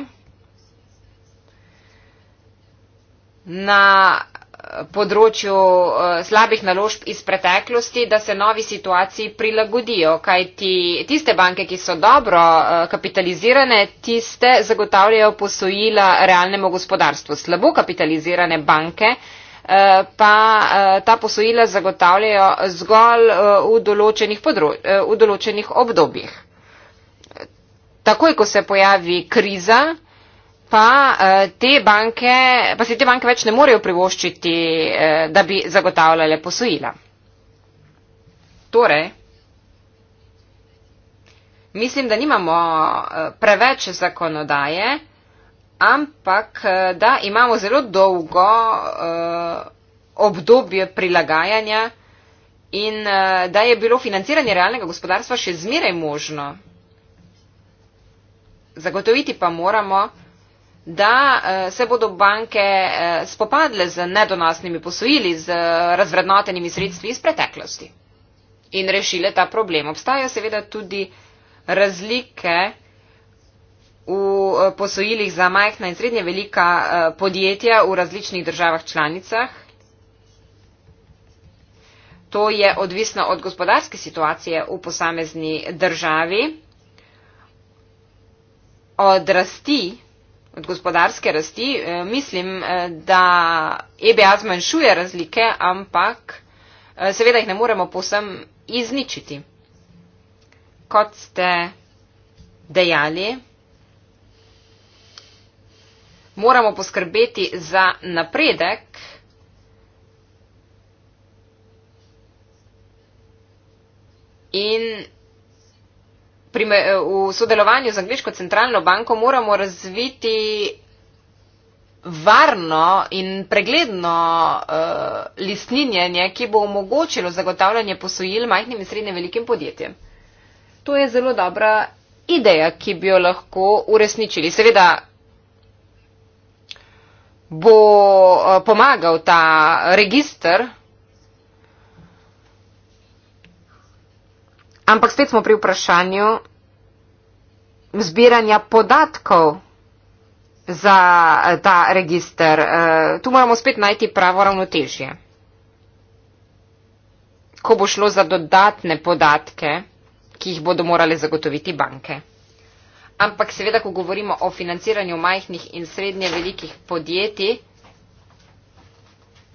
na eh, področju eh, slabih naložb iz preteklosti, da se novi situaciji prilagodijo, kajti tiste banke, ki so dobro eh, kapitalizirane, tiste zagotavljajo posojila realnemu gospodarstvu. Slabo kapitalizirane banke pa ta posojila zagotavljajo zgolj v določenih, v določenih obdobjih. Takoj, ko se pojavi kriza, pa eh, te banke, pa si te banke več ne morejo privoščiti, eh, da bi zagotavljale posojila. Torej, mislim, da nimamo eh, preveč zakonodaje, ampak da imamo zelo dolgo obdobje prilagajanja in da je bilo financiranje realnega gospodarstva še zmeraj možno. Zagotoviti pa moramo, da eh, se bodo banke eh, spopadle z nedonosnimi posojili, z razvrednotenimi sredstvi iz preteklosti in rešile ta problem. Obstajajo seveda tudi razlike v eh, posojilih za majhna in srednje velika podjetja v različnih državah članicah. To je odvisno od gospodarske situacije v posamezni državi, od rasti od gospodarske rasti. Eh, mislim, eh, da EBA zmanjšuje razlike, ampak eh, seveda jih ne moremo posem izničiti. Kot ste dejali, moramo poskrbeti za napredek. In prime, eh, v sodelovanju z Angliško centralno banko moramo razviti varno in pregledno uh, listninjenje, ki bo omogočilo zagotavljanje posojil majhnim in srednjim velikim podjetjem. To je zelo dobra ideja, ki bi jo lahko uresničili. Seveda bo uh, pomagal ta registr, ampak spet smo pri vprašanju zbiranja podatkov za eh, ta register. Eh, tu moramo spet najti pravo ravnotežje. Ko bo šlo za dodatne podatke, ki jih bodo morale zagotoviti banke. Ampak seveda, ko govorimo o financiranju majhnih in srednje velikih podjetij,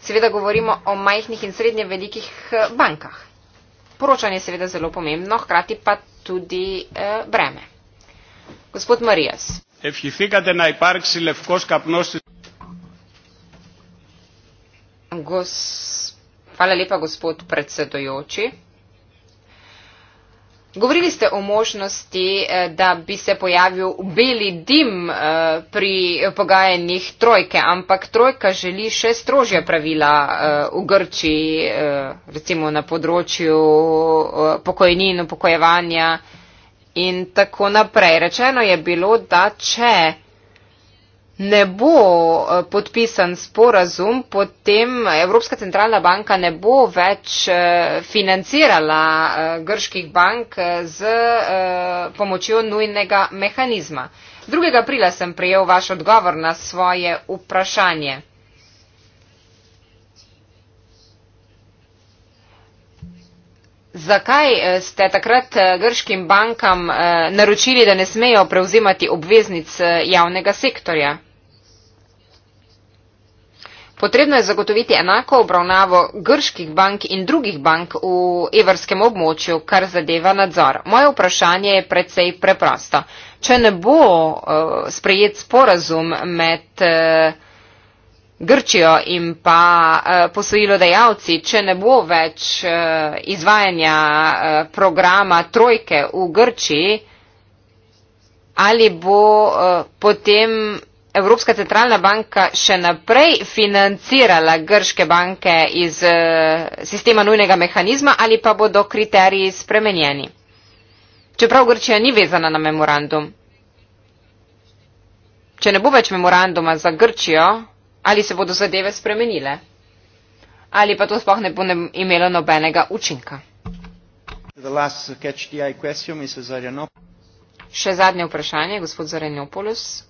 seveda govorimo o majhnih in srednje velikih eh, bankah. Poročanje je seveda zelo pomembno, hkrati pa tudi breme. Gospod Marijas. Ευχηθήκατε να υπάρξει λευκός καπνός στη... Gos... Hvala lepa, gospod predsedojoči. Govorili ste o možnosti, eh, da bi se pojavil beli dim eh, pri pogajanjih trojke, ampak trojka želi še strožje pravila eh, v Grčiji, recimo na področju pokojnin, upokojevanja in tako naprej. Rečeno je bilo, da če ne bo eh, podpisan sporazum, potem Evropska centralna banka ne bo več eh, financirala eh, grških bank z pomočjo nujnega mehanizma. 2. aprila sem prijel vaš odgovor na svoje vprašanje. Zakaj eh, ste takrat eh, grškim bankam eh, naročili, da ne smejo prevzimati obveznic javnega sektorja? Potrebno je zagotoviti enako obravnavo grških bank in drugih bank v evrskem območju, kar zadeva nadzor. Moje vprašanje je predvsej preprosto. Če ne bo sprejet sporazum med Grčijo in pa eh, posojilodajalci, če ne bo več eh, izvajanja eh, programa trojke v Grčiji, ali bo potem Evropska centralna banka še naprej financirala grške banke iz sistema nujnega mehanizma ali pa bodo kriteriji spremenjeni. Čeprav Grčija ni vezana na memorandum. Če ne bo več memoranduma za Grčijo, ali se bodo zadeve spremenile, ali pa to sploh ne bo ne imelo nobenega učinka. Question, Še zadnje vprašanje, gospod Zarenopoulos.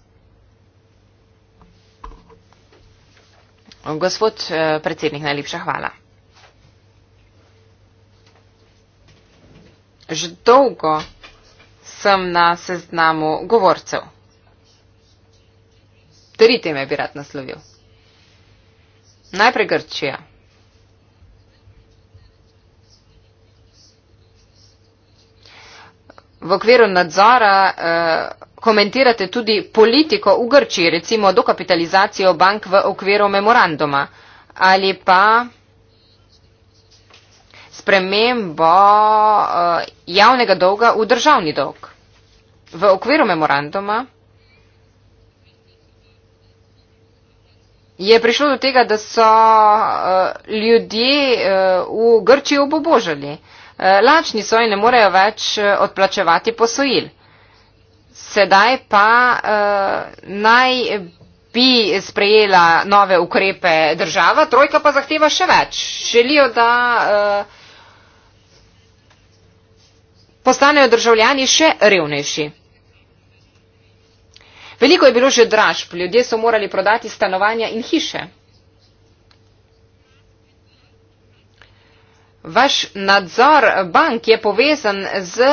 Gospod eh, predsednik, najlepša hvala. Že dolgo sem na seznamu govorcev. Tri teme bi rad naslovil. Najprej Grčija. V okviru nadzora eh, komentirate tudi politiko v Grčiji, recimo dokapitalizacijo bank v okviru memoranduma ali pa spremembo eh, javnega dolga v državni dolg. V okviru memoranduma je prišlo do tega, da so eh, ljudje eh, v Grčiji obobožali. Eh, lačni so in ne morejo več odplačevati posojil. Sedaj pa naj bi sprejela nove ukrepe država, trojka pa zahteva še več. Želijo, da postanejo državljani še revnejši. Veliko je bilo že dražb, ljudje so morali prodati stanovanja in hiše. Vaš nadzor bank je povezan z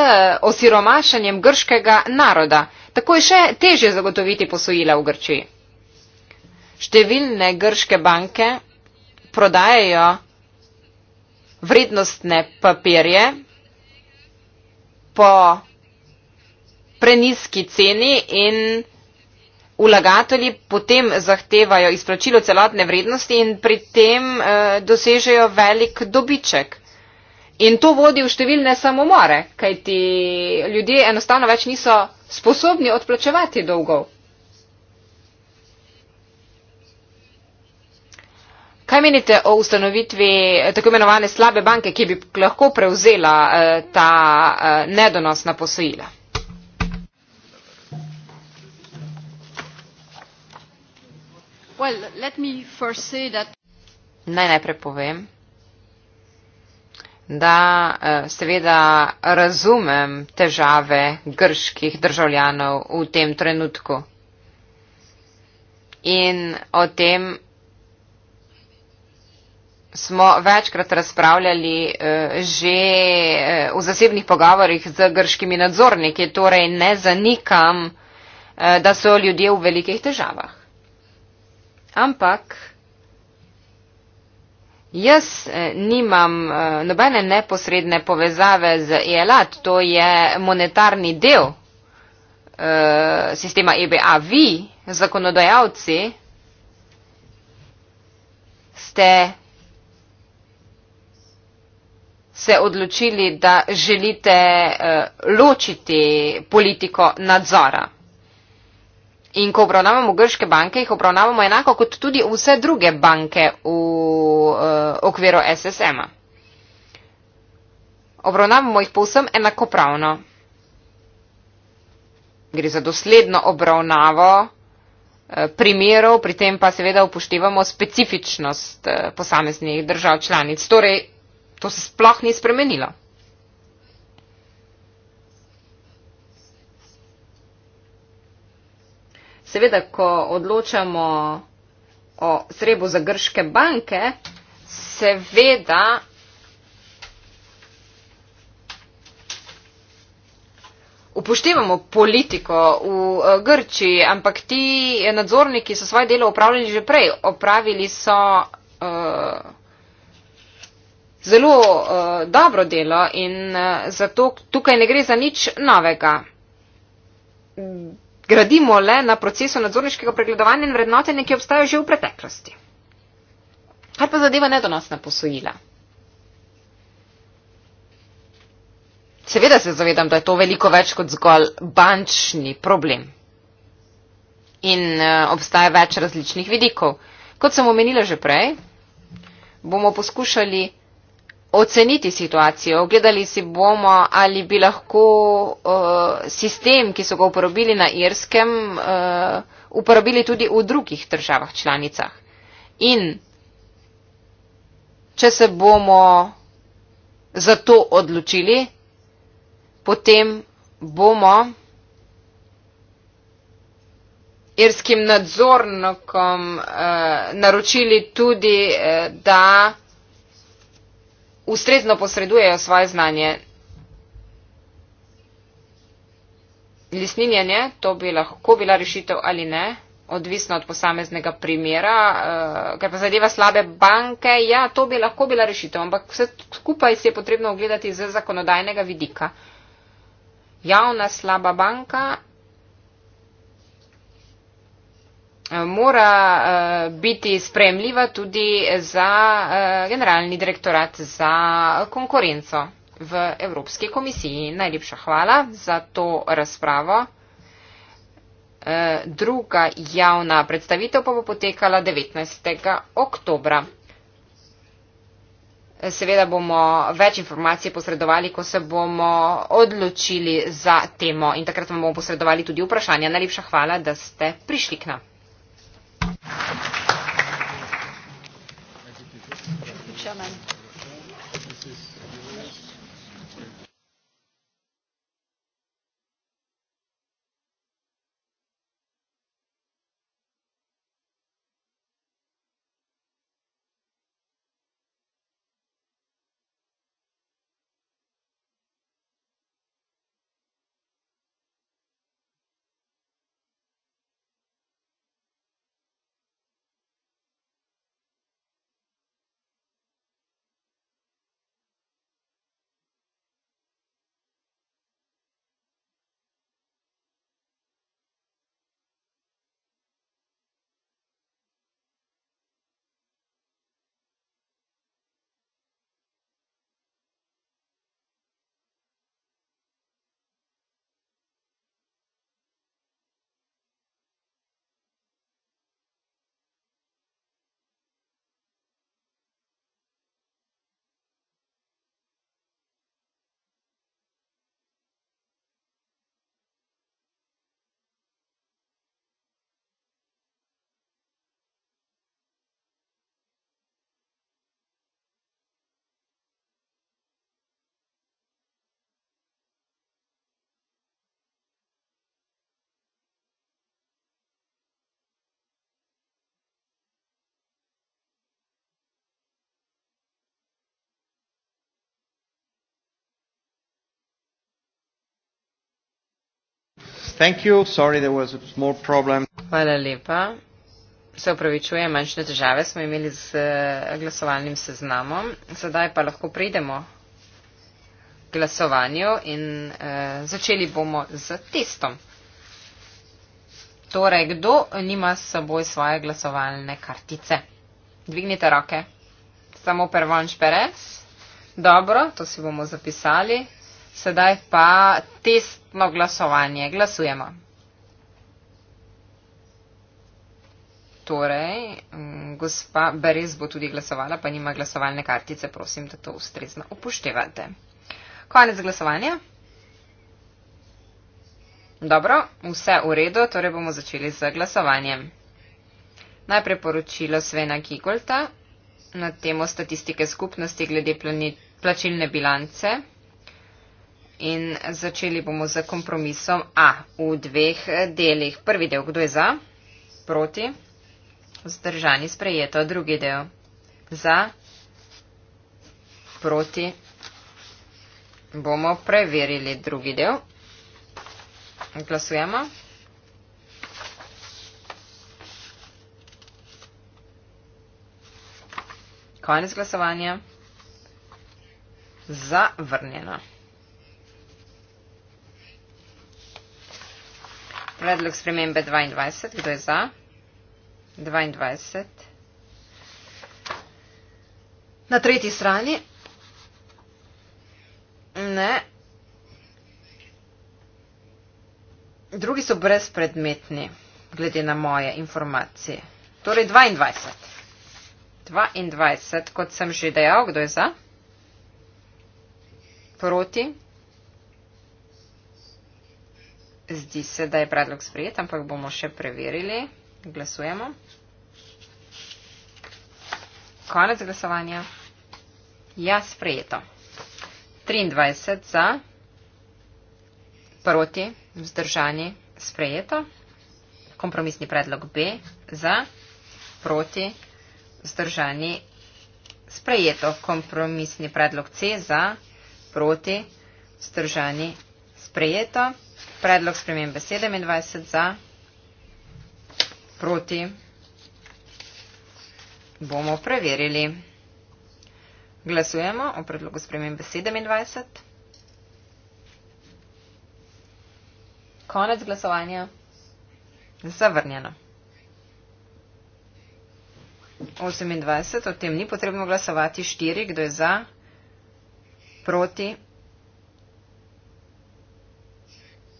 osiromašanjem grškega naroda. Tako je še težje zagotoviti posojila v Grčiji. Številne grške banke prodajajo vrednostne papirje po preniski ceni in vlagatelji potem zahtevajo izplačilo celotne vrednosti in pri tem uh, dosežejo velik dobiček. In to vodi v številne samomore, kajti ljudje enostavno več niso sposobni odplačevati dolgov. Kaj menite o ustanovitvi eh, tako imenovane slabe banke, ki bi lahko prevzela eh, ta nedonosna posojila? Well, naj najprej povem, da eh, seveda razumem težave grških državljanov v tem trenutku. In o tem smo večkrat razpravljali eh, že eh, v zasebnih pogovorih z grškimi nadzorniki, torej ne zanikam, da so ljudje v velikih težavah ampak jaz eh, nimam eh, nobene neposredne povezave z ELAT, to je monetarni del eh, sistema EBA. Vi, zakonodajalci, ste se odločili, da želite ločiti politiko nadzora. In ko obravnavamo grške banke, jih obravnavamo enako kot tudi vse druge banke v uh, okviru SSM-a. Obravnavamo jih povsem enakopravno. Gre za dosledno obravnavo eh, primerov, pri tem pa seveda upoštevamo specifičnost eh, posameznih držav članic. Torej, to se sploh ni spremenilo. Seveda, ko odločamo o srebu za grške banke, seveda upoštevamo politiko v eh, Grčiji, ampak ti nadzorniki so svoje delo upravljali že prej. Opravili so uh, zelo uh, dobro delo in uh, zato tukaj ne gre za nič novega gradimo le na procesu nadzorniškega pregledovanja in vrednotenja, ki obstajajo že v preteklosti. Kaj pa zadeva nedonosna posojila? Seveda se zavedam, da je to veliko več kot zgolj bančni problem. In eh, obstaja več različnih vidikov. Kot sem omenila že prej, bomo poskušali oceniti situacijo, ogledali si bomo, ali bi lahko eh, sistem, ki so ga uporabili na Irskem, eh, uporabili tudi v drugih državah članicah. In če se bomo za to odločili, potem bomo irskim nadzornikom eh, naročili tudi, eh, da ustrezno posredujejo svoje znanje. Lisninjenje, to bi lahko bila rešitev ali ne, odvisno od posameznega primera, uh, ker pa zadeva slabe banke, ja, to bi lahko bila rešitev, ampak vse skupaj se je potrebno ogledati z zakonodajnega vidika. Javna slaba banka mora eh, biti spremljiva tudi za eh, generalni direktorat za konkurenco v Evropski komisiji. Najlepša hvala za to razpravo. Eh, druga javna predstavitev pa bo potekala 19. oktobra. Seveda bomo več informacij posredovali, ko se bomo odločili za temo in takrat vam bomo posredovali tudi vprašanja. Najlepša hvala, da ste prišli k nam. Thank you. Sorry, there was a small problem. Hvala lepa. Se upravičujem, manjšne težave smo imeli z eh, glasovalnim seznamom. Sedaj pa lahko pridemo k glasovanju in eh, začeli bomo z testom. Torej, kdo nima s seboj svoje glasovalne kartice? Dvignite roke. Samo pervonč perec. Dobro, to si bomo zapisali. Sedaj pa testno glasovanje. Glasujemo. Torej, gospa Beres bo tudi glasovala, pa nima glasovalne kartice. Prosim, da to ustrezno upoštevate. Konec glasovanja. Dobro, vse v redu, torej bomo začeli z glasovanjem. Najprej poročilo Svena Kigolta na temo statistike skupnosti glede plačilne bilance in začeli bomo z kompromisom A v dveh delih. Prvi del, kdo je za? Proti? Zdržani sprejeto. Drugi del. Za? Proti? Bomo preverili drugi del. Glasujemo. Konec glasovanja. Zavrnjeno. predlog spremembe 22. Kdo je za? 22. Na tretji strani. Ne. Drugi so brezpredmetni, glede na moje informacije. Torej 22. 22, kot sem že dejal, kdo je za? Proti. Zdi se, da je predlog sprejet, ampak bomo še preverili. Glasujemo. Konec glasovanja. Ja, sprejeto. 23 za, proti, vzdržani, sprejeto. Kompromisni predlog B za, proti, vzdržani, sprejeto. Kompromisni predlog C za, proti, vzdržani, sprejeto. Predlog spremembe 27 za, proti, bomo preverili. Glasujemo o predlogu spremembe 27. Konec glasovanja. Zavrnjeno. 28, o tem ni potrebno glasovati. 4, kdo je za, proti,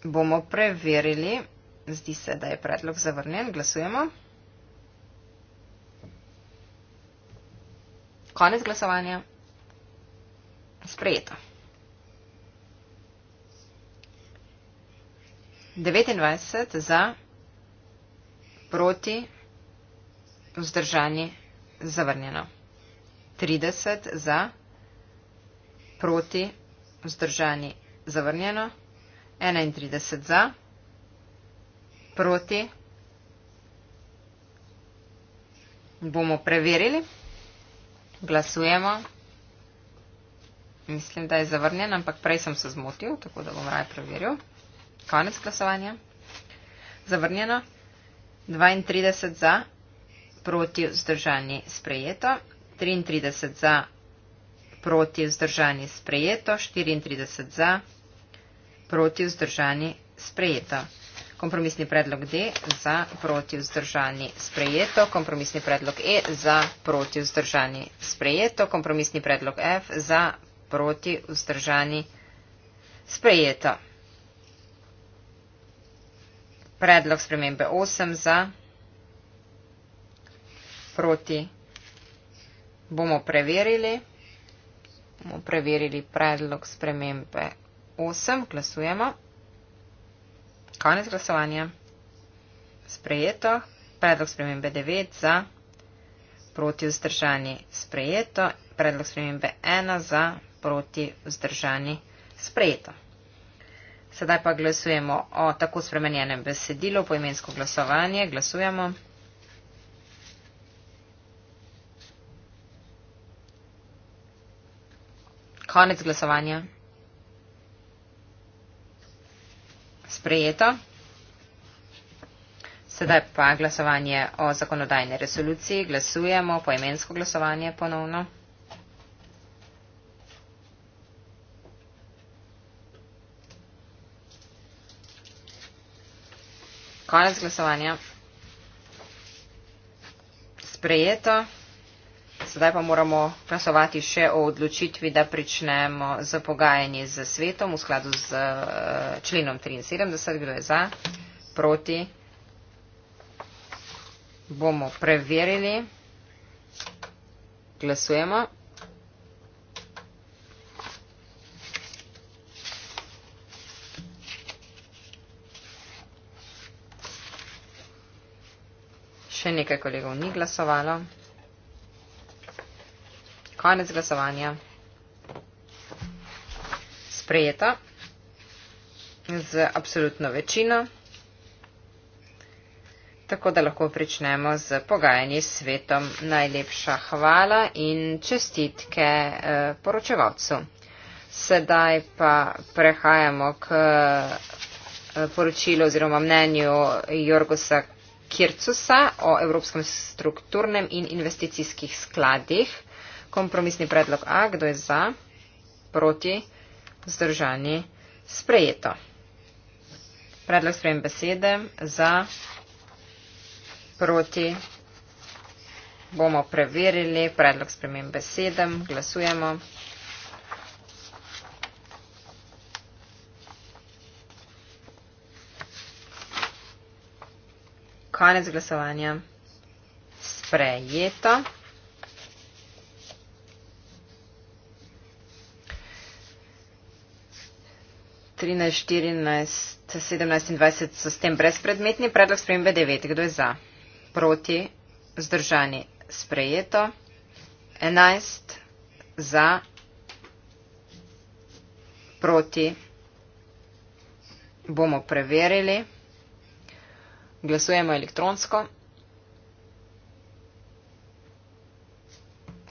bomo preverili. Zdi se, da je predlog zavrnjen. Glasujemo. Konec glasovanja. Sprejeto. 29 za, proti, vzdržani, zavrnjeno. 30 za, proti, vzdržani, zavrnjeno. 31 za, proti. Bomo preverili. Glasujemo. Mislim, da je zavrnjen, ampak prej sem se zmotil, tako da bom raje preveril. Konec glasovanja. Zavrnjeno. 32 za, proti vzdržanje sprejeto. 33 za, proti vzdržanje sprejeto. 34 za, proti vzdržani sprejeto. Kompromisni predlog D za proti vzdržani sprejeto, kompromisni predlog E za proti vzdržani sprejeto, kompromisni predlog F za proti vzdržani sprejeto. Predlog spremembe 8 za proti bomo preverili. Bomo preverili predlog spremembe 8, glasujemo. Konec glasovanja. Sprejeto. Predlog spremembe 9 za. Proti vzdržani. Sprejeto. Predlog spremembe 1 za. Proti vzdržani. Sprejeto. Sedaj pa glasujemo o tako spremenjenem besedilu, poimensko glasovanje. Glasujemo. Konec glasovanja. sprejeto. Sedaj pa glasovanje o zakonodajni resoluciji. Glasujemo po imensko glasovanje ponovno. Konec glasovanja. Sprejeto sedaj pa moramo glasovati še o odločitvi, da pričnemo z pogajanji z svetom v skladu z eh, členom 73, kdo je za, proti. Bomo preverili. Glasujemo. Še nekaj kolegov ni glasovalo. Konec glasovanja. Sprejeta z absolutno večino, tako da lahko pričnemo z pogajanji s svetom. Najlepša hvala in čestitke eh, poročevalcu. Sedaj pa prehajamo k eh, poročilu oziroma mnenju Jorgosa Kircusa o Evropskem strukturnem in investicijskih skladih kompromisni predlog A, kdo je za, proti, vzdržani, sprejeto. Predlog sprejem besede za, proti, bomo preverili, predlog sprejem besede, glasujemo. Konec glasovanja. Sprejeto. 13, 14, 17 in 20 so s tem brezpredmetni. Predlog spremembe 9. Kdo je za? Proti? Zdržani? Sprejeto. 11. Za? Proti? Bomo preverili. Glasujemo elektronsko.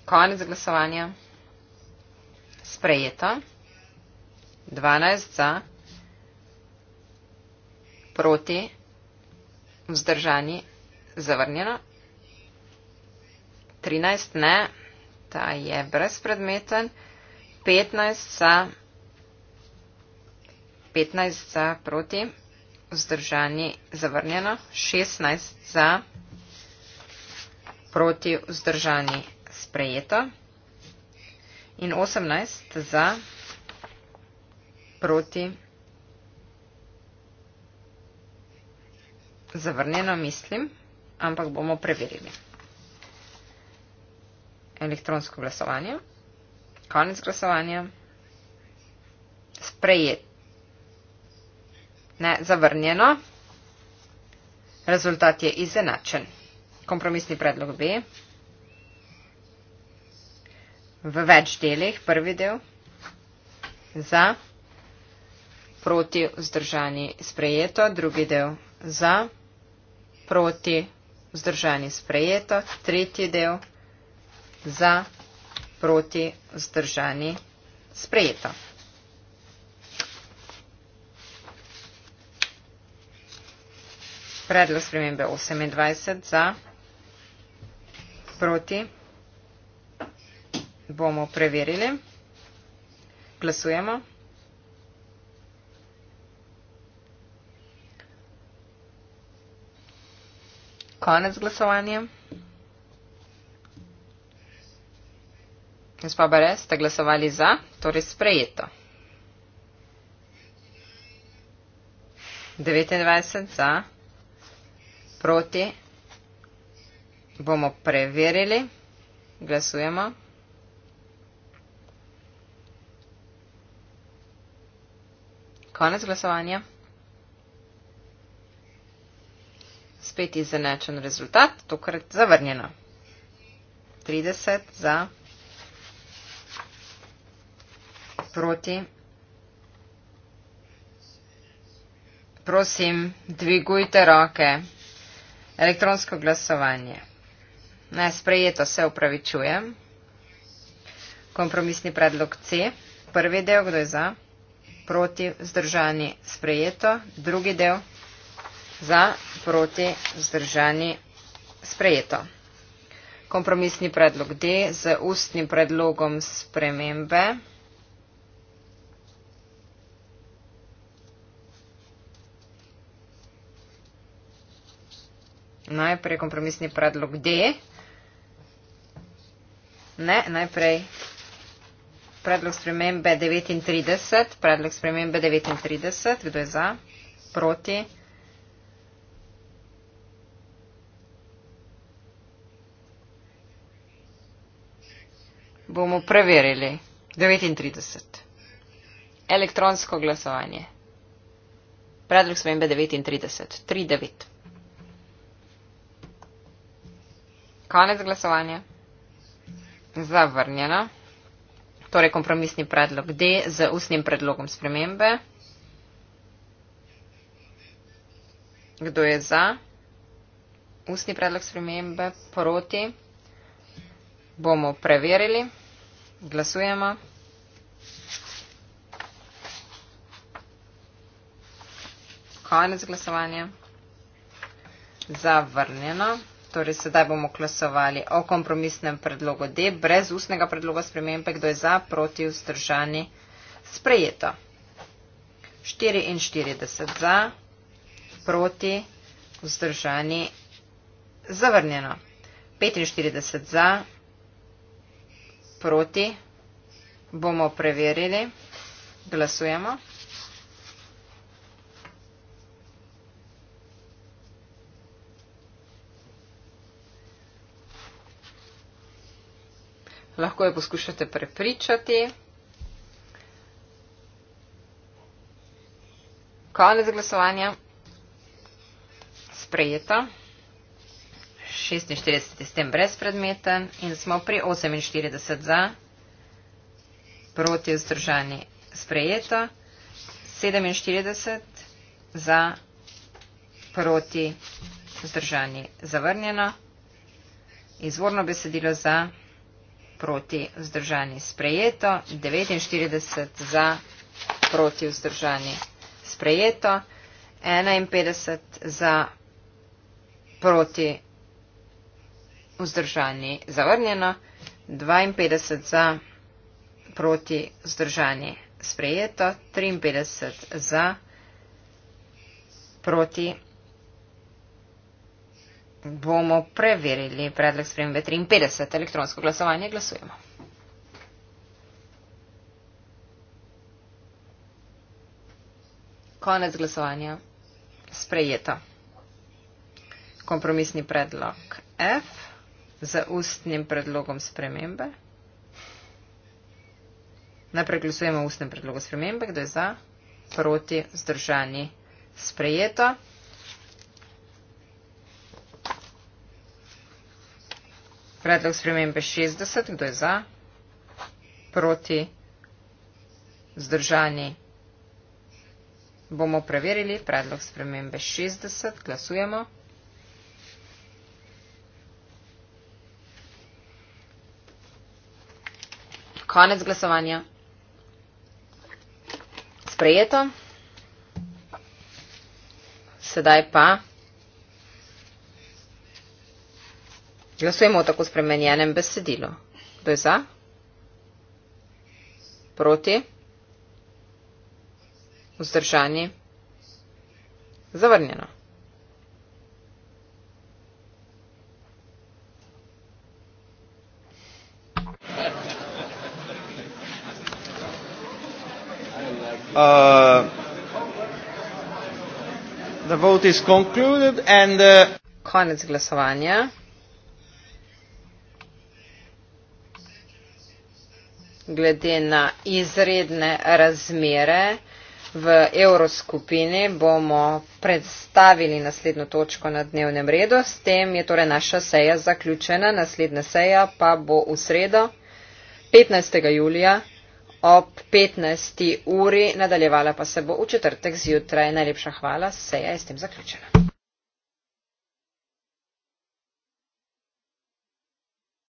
Konec glasovanja. Sprejeto. 12 za, proti, vzdržani, zavrnjeno, 13 ne, ta je brezpredmeten, 15 za, 15 za, proti, vzdržani, zavrnjeno, 16 za, proti, vzdržani, sprejeto in 18 za, proti, vzdržani, zavrnjeno proti zavrnjeno mislim, ampak bomo preverili. Elektronsko glasovanje, konec glasovanja, sprejet, ne, zavrnjeno, rezultat je izenačen. Kompromisni predlog B, v več delih, prvi del, za vrnjeno proti vzdržani sprejeto, drugi del za, proti vzdržani sprejeto, tretji del za, proti vzdržani sprejeto. Predlog spremembe 28 za, proti bomo preverili. Glasujemo. Konec glasovanja. Gospa Bere, ste glasovali za, torej sprejeto. 29 za, proti bomo preverili. Glasujemo. Konec glasovanja. spet izenačen rezultat, tokrat zavrnjeno. 30 za proti. Prosim, dvigujte roke. Elektronsko glasovanje. Ne, sprejeto se upravičujem. Kompromisni predlog C. Prvi del, kdo je za? Proti, zdržani, sprejeto. Drugi del za, proti, vzdržani, sprejeto. Kompromisni predlog D z ustnim predlogom spremembe. Najprej kompromisni predlog D. Ne, najprej predlog spremembe 39. Predlog spremembe 39. Kdo je za? Proti. bomo preverili. 39. Elektronsko glasovanje. Predlog spremembe 39. 39. Konec glasovanja. Zavrnjeno. Torej kompromisni predlog D z usnim predlogom spremembe. Kdo je za? Usni predlog spremembe proti bomo preverili. Glasujemo. Konec glasovanja. Zavrnjeno. Torej sedaj bomo glasovali o kompromisnem predlogu D, brez ustnega predloga spremembe, kdo je za, proti, vzdržani, sprejeto. 44 za, proti, vzdržani, zavrnjeno. 45 za, proti, bomo preverili, glasujemo. Lahko jo poskušate prepričati. Konec glasovanja. Sprejeta. 46 s tem brezpredmeten in smo pri 48 za, proti vzdržani sprejeto, 47 za, proti vzdržani zavrnjeno, izvorno besedilo za, proti vzdržani sprejeto, 49 za, proti vzdržani sprejeto, 51 za, proti vzdržani sprejeto vzdržani zavrnjeno, 52 za proti vzdržani sprejeto, 53 za proti bomo preverili predlog spremembe 53. Elektronsko glasovanje glasujemo. Konec glasovanja. Sprejeto. Kompromisni predlog F z ustnim predlogom spremembe. Najprej glasujemo o ustnem predlogu spremembe, kdo je za, proti, zdržani, sprejeto. Predlog spremembe 60, kdo je za, proti, zdržani, bomo preverili. Predlog spremembe 60, glasujemo. Konec glasovanja. Sprejeto. Sedaj pa glasujemo o tako spremenjenem besedilu. Kdo je za? Proti? Vzdržani? Zavrnjeno. uh, and, uh, Konec glasovanja. Glede na izredne razmere v evroskupini bomo predstavili naslednjo točko na dnevnem redu. S tem je torej naša seja zaključena. Naslednja seja pa bo v sredo 15. julija ob 15. uri, nadaljevala pa se bo v četrtek zjutraj. Najlepša hvala, seja je s tem zaključena.